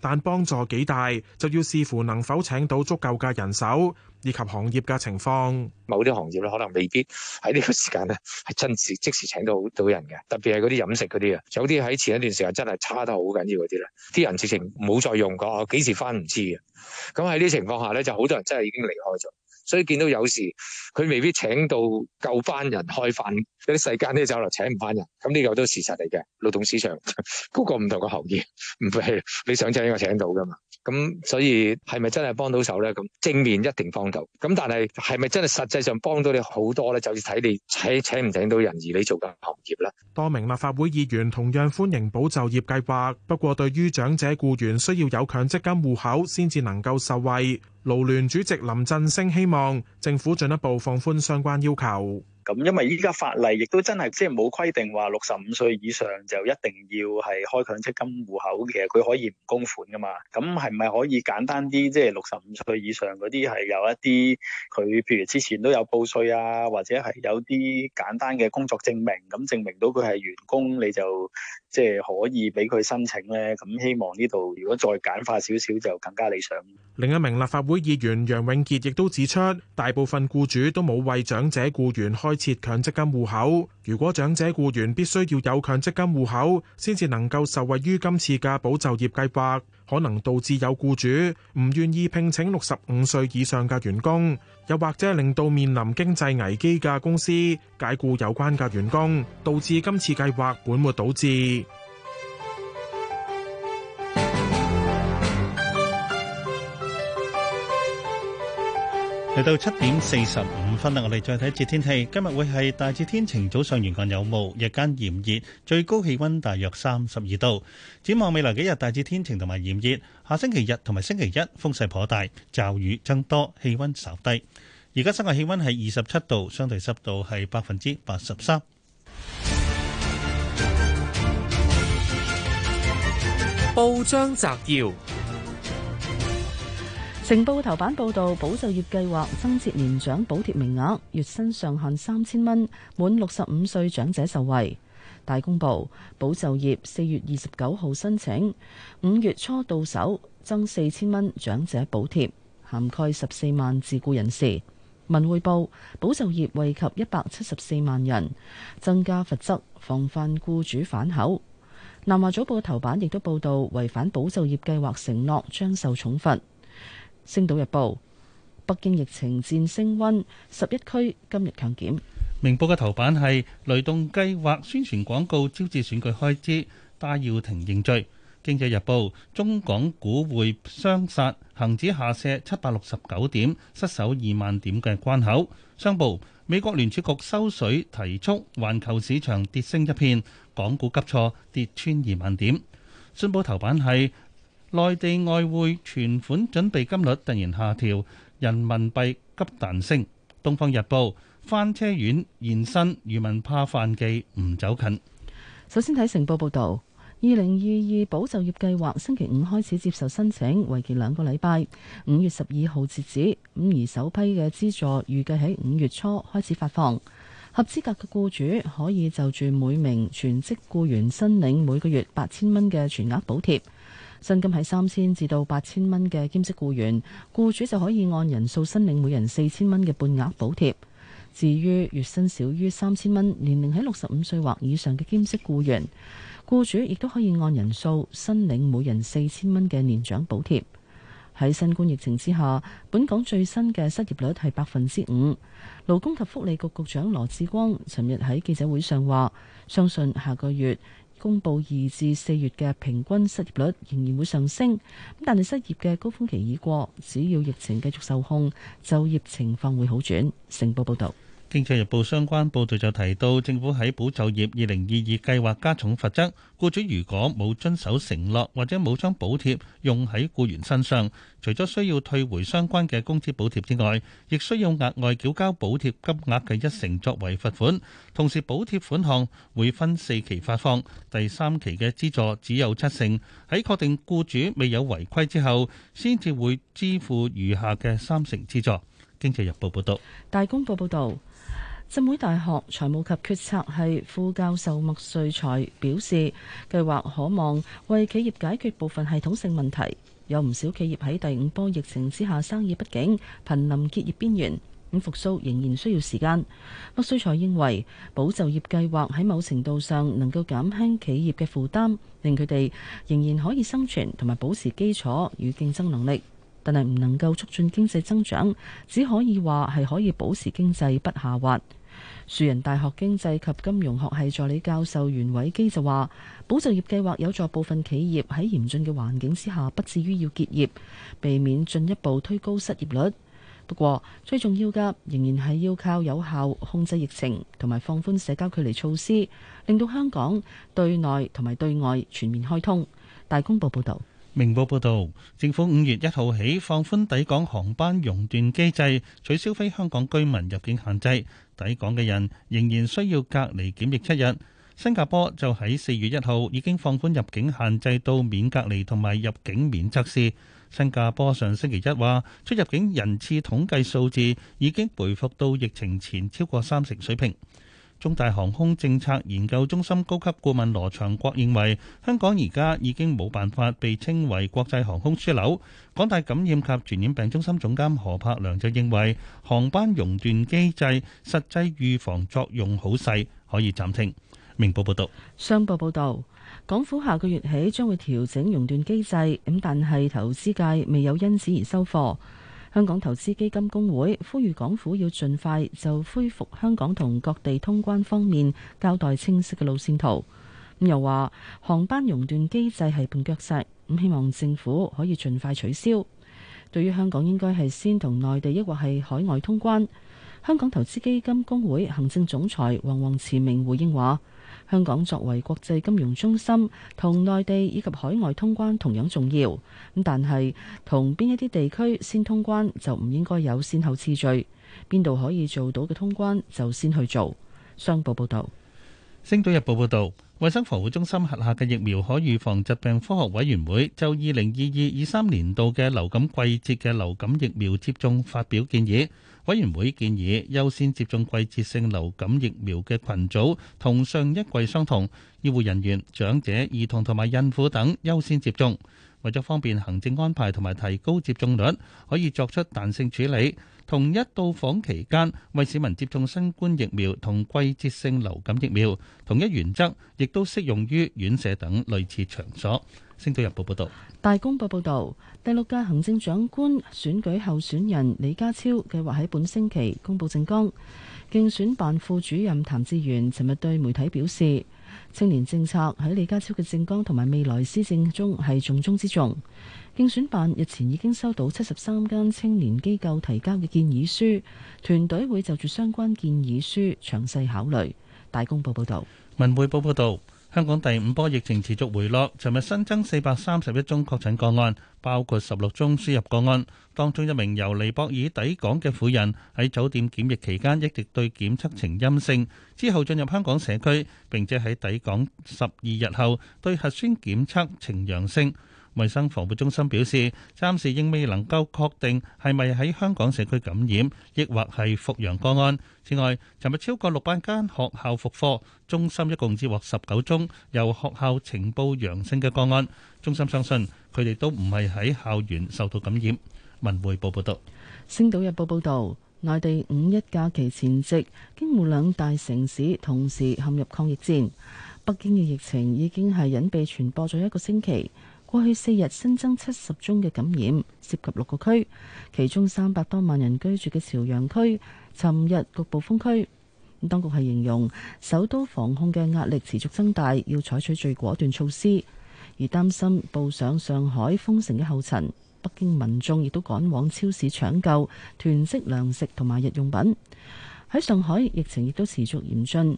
但幫助幾大就要視乎能否請到足夠嘅人手。以及行業嘅情況，某啲行業咧可能未必喺呢個時間咧係真時即時請到到人嘅，特別係嗰啲飲食嗰啲啊，有啲喺前一段時間真係差得好緊要嗰啲咧，啲人直情冇再用過，幾時翻唔知嘅。咁喺呢啲情況下咧，就好多人真係已經離開咗，所以見到有時佢未必請到夠班人開飯，有啲細間啲酒樓請唔翻人，咁呢個都係事實嚟嘅。勞動市場嗰 個唔同嘅行業唔係你想請應該請到㗎嘛。咁所以係咪真係幫到手咧？咁正面一定幫到，咁但係係咪真係實際上幫到你好多咧？就要睇你請唔請到人，而你做緊行業咧。多名立法會議員同樣歡迎保就業計劃，不過對於長者僱員需要有強積金戶口先至能夠受惠，勞聯主席林振升希望政府進一步放寬相關要求。咁因為依家法例亦都真係即係冇規定話六十五歲以上就一定要係開強積金戶口，其實佢可以唔供款噶嘛。咁係咪可以簡單啲，即係六十五歲以上嗰啲係有一啲佢譬如之前都有報稅啊，或者係有啲簡單嘅工作證明，咁證明到佢係員工，你就即係可以俾佢申請咧。咁希望呢度如果再簡化少少就更加理想。另一名立法會議員楊永傑亦都指出，大部分僱主都冇為長者僱員開設強積金戶口，如果長者僱員必須要有強積金戶口，先至能夠受惠於今次嘅保就業計劃，可能導致有僱主唔願意聘請六十五歲以上嘅員工，又或者令到面臨經濟危機嘅公司解僱有關嘅員工，導致今次計劃本末倒置。嚟到七點四十五分啦，我哋再睇一次天氣。今日會係大致天晴，早上沿岸有霧，日間炎熱，最高氣溫大約三十二度。展望未來幾日大致天晴同埋炎熱，下星期日同埋星期一風勢頗大，驟雨增多，氣溫稍低。而家室外氣溫係二十七度，相對濕度係百分之八十三。報章摘要。成報頭版報導，保就業計劃增設年長補貼名額，月薪上限三千蚊，滿六十五歲長者受惠。大公報保就業四月二十九號申請，五月初到手，增四千蚊長者補貼，涵蓋十四萬自僱人士。文匯報保就業惠及一百七十四萬人，增加罰則，防範僱主反口。南華早報頭版亦都報導，違反保就業計劃承諾將受重罰。《星島日報》：北京疫情漸升溫，十一區今日強檢。《明報》嘅頭版係雷動計劃宣傳廣告招致選舉開支，戴耀廷認罪。《經濟日報》：中港股匯雙殺，恒指下瀉七百六十九點，失守二萬點嘅關口。商報：美國聯儲局收水提速，環球市場跌升一片，港股急挫跌穿二萬點。《信報》頭版係。內地外匯存款準備金率突然下調，人民幣急彈升。《東方日報》翻車丸現身，漁民怕犯忌唔走近。首先睇成報報導，二零二二保就業計劃星期五開始接受申請，為期兩個禮拜，五月十二號截止。五而首批嘅資助預計喺五月初開始發放，合資格嘅僱主可以就住每名全職僱員申領每個月八千蚊嘅全額補貼。薪金喺三千至到八千蚊嘅兼職僱員，僱主就可以按人數申領每人四千蚊嘅半額補貼。至於月薪少於三千蚊、年齡喺六十五歲或以上嘅兼職僱員，僱主亦都可以按人數申領每人四千蚊嘅年長補貼。喺新冠疫情之下，本港最新嘅失業率係百分之五。勞工及福利局局局長羅致光尋日喺記者會上話：「相信下個月，公布二至四月嘅平均失業率仍然會上升，咁但係失業嘅高峰期已過，只要疫情繼續受控，就業情況會好轉。成報報道。經濟日報相關報導就提到，政府喺保就業二零二二計劃加重罰則，僱主如果冇遵守承諾或者冇將補貼用喺僱員身上，除咗需要退回相關嘅工資補貼之外，亦需要額外繳交補貼金額嘅一成作為罰款。同時，補貼款項會分四期發放，第三期嘅資助只有七成，喺確定僱主未有違規之後，先至會支付餘下嘅三成資助。經濟日報報道。大公報報導。浸會大學財務及決策系副教授麥瑞才表示，計劃可望為企業解決部分系統性問題。有唔少企業喺第五波疫情之下生意不景，瀕臨結業邊緣。咁復蘇仍然需要時間。麥瑞才認為，保就業計劃喺某程度上能夠減輕企業嘅負擔，令佢哋仍然可以生存同埋保持基礎與競爭能力。但係唔能夠促進經濟增長，只可以話係可以保持經濟不下滑。樹仁大學經濟及金融學系助理教授袁偉基就話：保就業計劃有助部分企業喺嚴峻嘅環境之下，不至於要結業，避免進一步推高失業率。不過，最重要嘅仍然係要靠有效控制疫情同埋放寬社交距離措施，令到香港對內同埋對外全面開通。大公報報導。明報報道，政府五月一號起放寬抵港航班熔斷機制，取消非香港居民入境限制。抵港嘅人仍然需要隔離檢疫七日。新加坡就喺四月一號已經放寬入境限制到免隔離同埋入境免測試。新加坡上星期一話，出入境人次統計數字已經回復到疫情前超過三成水平。中大航空政策研究中心高級顧問羅祥國認為，香港而家已經冇辦法被稱為國際航空樞紐。港大感染及傳染病中心總監何柏良就認為航班熔斷機制實際預防作用好細，可以暫停。明報報道，商報報道，港府下個月起將會調整熔斷機制，咁但係投資界未有因此而收貨。香港投資基金公會呼籲港府要盡快就恢復香港同各地通關方面交代清晰嘅路線圖。咁又話航班熔斷機制係絆腳石，咁希望政府可以盡快取消。對於香港應該係先同內地抑或係海外通關，香港投資基金公會行政總裁黃王慈明回應話。香港作為國際金融中心，同內地以及海外通關同樣重要。咁但係同邊一啲地區先通關就唔應該有先後次序，邊度可以做到嘅通關就先去做。商報報導，《星島日報》報道：「衞生防護中心轄下嘅疫苗可預防疾病科學委員會就二零二二二三年度嘅流感季節嘅流感疫苗接種發表建議。委員會建議優先接種季節性流感疫苗嘅群組，同上一季相同，醫護人員、長者、兒童同埋孕婦等優先接種。為咗方便行政安排同埋提高接種率，可以作出彈性處理。同一到訪期間，為市民接種新冠疫苗同季節性流感疫苗，同一原則亦都適用於院舍等類似場所。星島日報報道，大公報報道，第六屆行政長官選舉候選人李家超計劃喺本星期公布政綱。競選辦副主任譚志源尋日對媒體表示，青年政策喺李家超嘅政綱同埋未來施政中係重中之重。競選辦日前已經收到七十三間青年機構提交嘅建議書，團隊會就住相關建議書詳，詳細考慮。大公報報道，文匯報報道。香港第五波疫情持續回落，尋日新增四百三十一宗確診個案，包括十六宗輸入個案。當中一名由尼泊爾抵港嘅婦人，喺酒店檢疫期間一直對檢測呈陰性，之後進入香港社區，並且喺抵港十二日後對核酸檢測呈陽性。衛生防護中心表示，暫時仍未能夠確定係咪喺香港社區感染，抑或係復陽個案。此外，尋日超過六百間學校復課，中心一共接獲十九宗由學校呈報陽性嘅個案。中心相信佢哋都唔係喺校園受到感染。文匯報報道，《星島日報》報道，內地五一假期前夕，京滬兩大城市同時陷入抗疫戰。北京嘅疫情已經係隱秘傳播咗一個星期。過去四日新增七十宗嘅感染，涉及六個區，其中三百多萬人居住嘅朝陽區，尋日局部封區。咁當局係形容首都防控嘅壓力持續增大，要採取最果斷措施，而擔心步上上海封城嘅後塵。北京民眾亦都趕往超市搶購，囤積糧食同埋日用品。喺上海，疫情亦都持續嚴峻。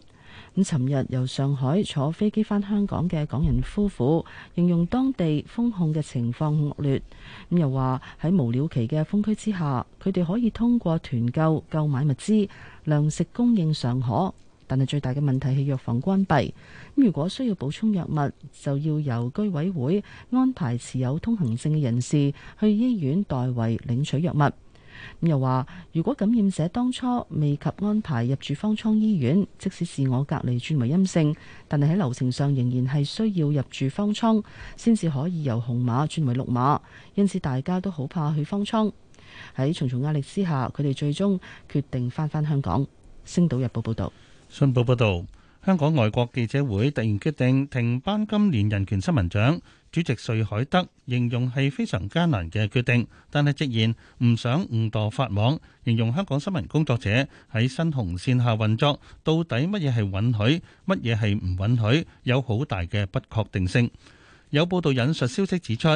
咁尋日由上海坐飛機返香港嘅港人夫婦形容當地封控嘅情況惡劣，咁又話喺無了期嘅封區之下，佢哋可以通過團購購買物資，糧食供應尚可，但係最大嘅問題係藥房關閉。如果需要補充藥物，就要由居委會安排持有通行證嘅人士去醫院代為領取藥物。咁又話，如果感染者當初未及安排入住方艙醫院，即使自我隔離轉為陰性，但係喺流程上仍然係需要入住方艙，先至可以由紅碼轉為綠碼。因此大家都好怕去方艙。喺重重壓力之下，佢哋最終決定翻返香港。星島日報報道，信報報道，香港外國記者會突然決定停辦今年人權新聞獎。主席瑞海德形容係非常艱難嘅決定，但係直言唔想誤墮法網。形容香港新聞工作者喺新紅線下運作，到底乜嘢係允許，乜嘢係唔允許，有好大嘅不確定性。有報道引述消息指出，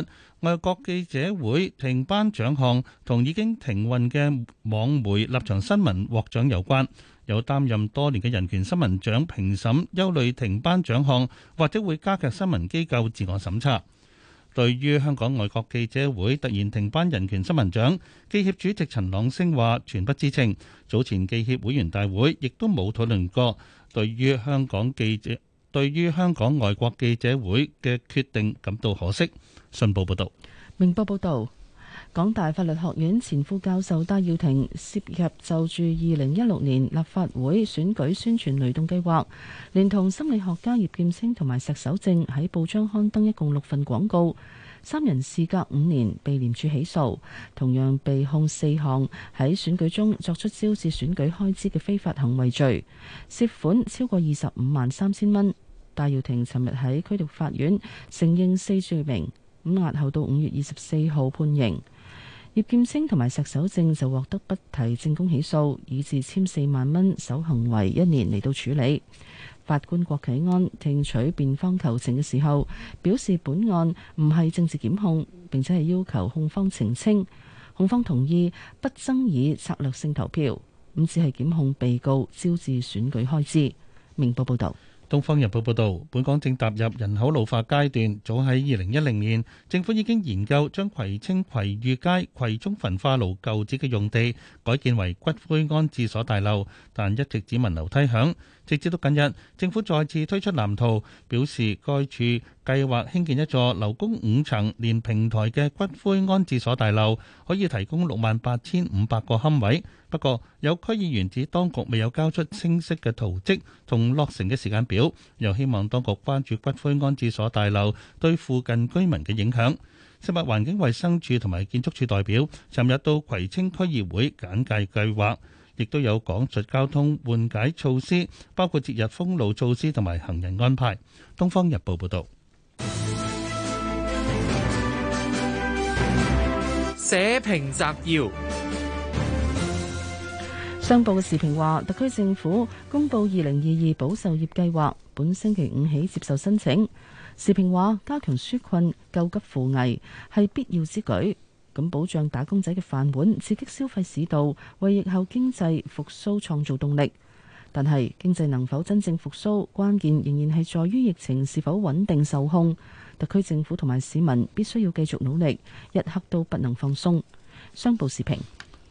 外國記者會停頒獎項，同已經停運嘅網媒立場新聞獲獎有關。有擔任多年嘅人權新聞獎評審，憂慮停辦獎項，或者會加強新聞機構自我審查。對於香港外國記者會突然停辦人權新聞獎，記協主席陳朗昇話：全不知情。早前記協會員大會亦都冇討論過。對於香港記者，對於香港外國記者會嘅決定感到可惜。信報報道，明報報道。港大法律學院前副教授戴耀廷涉入就住二零一六年立法會選舉宣傳雷動計劃，連同心理學家葉劍清同埋石守正喺報章刊登一共六份廣告。三人事隔五年被廉署起訴，同樣被控四項喺選舉中作出招致選舉開支嘅非法行為罪，涉款超過二十五萬三千蚊。戴耀廷尋日喺區域法院承認四罪名，咁押後到五月二十四號判刑。葉劍升同埋石守正就獲得不提證供起訴，以至簽四萬蚊守行為一年嚟，到處理。法官郭啟安聽取辯方求情嘅時候，表示本案唔係政治檢控，並且係要求控方澄清。控方同意不爭議策略性投票，咁只係檢控被告招致選舉開支。明報報道。《東方日報》報道，本港正踏入人口老化階段，早喺二零一零年，政府已經研究將葵青葵裕街葵涌焚化爐舊址嘅用地改建為骨灰安置所大樓，但一直只聞樓梯響。直至到近日，政府再次推出藍圖，表示該處計劃興建一座樓高五層連平台嘅骨灰安置所大樓，可以提供六萬八千五百個龕位。不過，有區議員指當局未有交出清晰嘅圖蹟同落成嘅時間表，又希望當局關注骨灰安置所大樓對附近居民嘅影響。食物環境衞生署同埋建築署代表尋日到葵青區議會簡介計劃，亦都有講述交通緩解措施，包括節日封路措施同埋行人安排。《東方日報》報道。社評集要。商報嘅時評話，特區政府公布二零二二保就業計劃，本星期五起接受申請。時評話，加強紓困救急扶危係必要之舉，咁保障打工仔嘅飯碗，刺激消費市道，為疫後經濟復甦創造動力。但係經濟能否真正復甦，關鍵仍然係在於疫情是否穩定受控。特區政府同埋市民必須要繼續努力，一刻都不能放鬆。商報時評，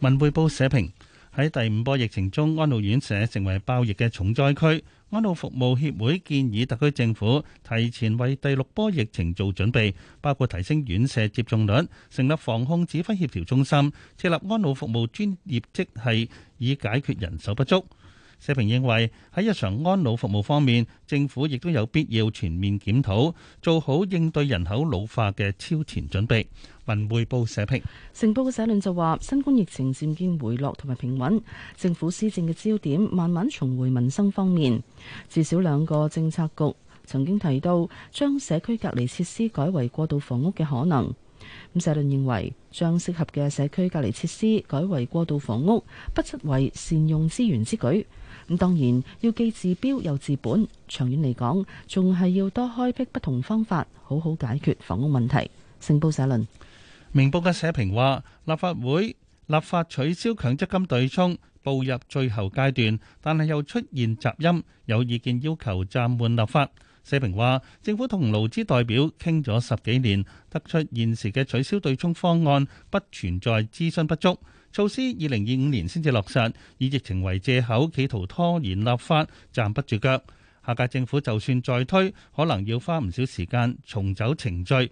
文匯報社評。喺第五波疫情中，安老院舍成為爆疫嘅重災區，安老服務協會建議特區政府提前為第六波疫情做準備，包括提升院舍接種率、成立防控指揮協調中心、設立安老服務專業職系，以解決人手不足。社評認為喺日常安老服務方面，政府亦都有必要全面檢討，做好應對人口老化嘅超前準備。文匯報社評，成報社論就話，新冠疫情漸見回落同埋平穩，政府施政嘅焦點慢慢重回民生方面，至少兩個政策局曾經提到將社區隔離設施改為過渡房屋嘅可能。咁社論認為，將適合嘅社區隔離設施改為過渡房屋，不失為善用資源之舉。咁當然要既治標又治本，長遠嚟講仲係要多開闢不同方法，好好解決房屋問題。星報社論，明報嘅社評話，立法會立法取消強積金對沖步入最後階段，但係又出現雜音，有意見要求暫緩立法。社評話，政府同勞資代表傾咗十幾年，得出現時嘅取消對沖方案不存在諮詢不足。措施二零二五年先至落實，以疫情為借口企圖拖延立法，站不住腳。下屆政府就算再推，可能要花唔少時間重走程序，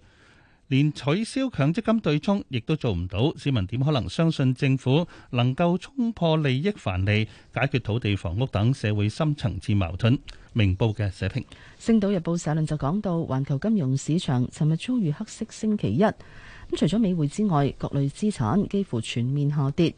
連取消強積金對沖亦都做唔到。市民點可能相信政府能夠衝破利益藩籬，解決土地、房屋等社會深層次矛盾？明報嘅社評。星島日報社論就講到，環球金融市場尋日遭遇黑色星期一。咁除咗美匯之外，各類資產幾乎全面下跌。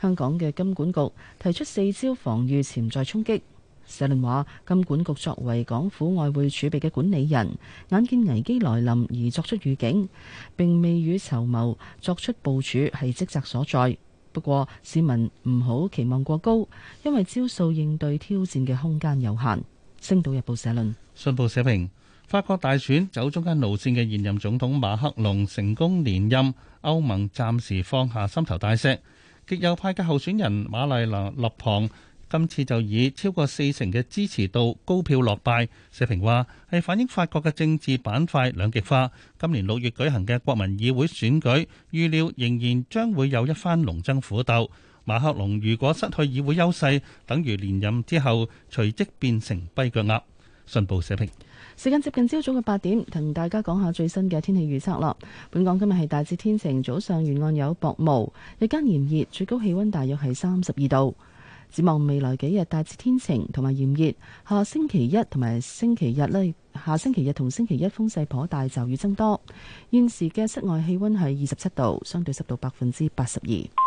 香港嘅金管局提出四招防禦潛在衝擊。社論話，金管局作為港府外匯儲備嘅管理人，眼見危機來臨而作出預警，並未雨綢繆作出部署係職責所在。不過市民唔好期望過高，因為招數應對挑戰嘅空間有限。星島日報社論，信報社評。法國大選走中間路線嘅現任總統馬克龍成功連任，歐盟暫時放下心頭大石。極右派嘅候選人瑪麗娜·勒龐今次就以超過四成嘅支持度高票落敗。社評話係反映法國嘅政治板塊兩極化。今年六月舉行嘅國民議會選舉，預料仍然將會有一番龍爭虎鬥。馬克龍如果失去議會優勢，等於連任之後隨即變成跛腳鴨。信報社評。時間接近朝早嘅八點，同大家講下最新嘅天氣預測啦。本港今日係大致天晴，早上沿岸有薄霧，日間炎熱，最高氣温大約係三十二度。展望未來幾日，大致天晴同埋炎熱。下星期一同埋星期日咧，下星期日同星期一風勢頗大，驟雨增多。現時嘅室外氣温係二十七度，相對濕度百分之八十二。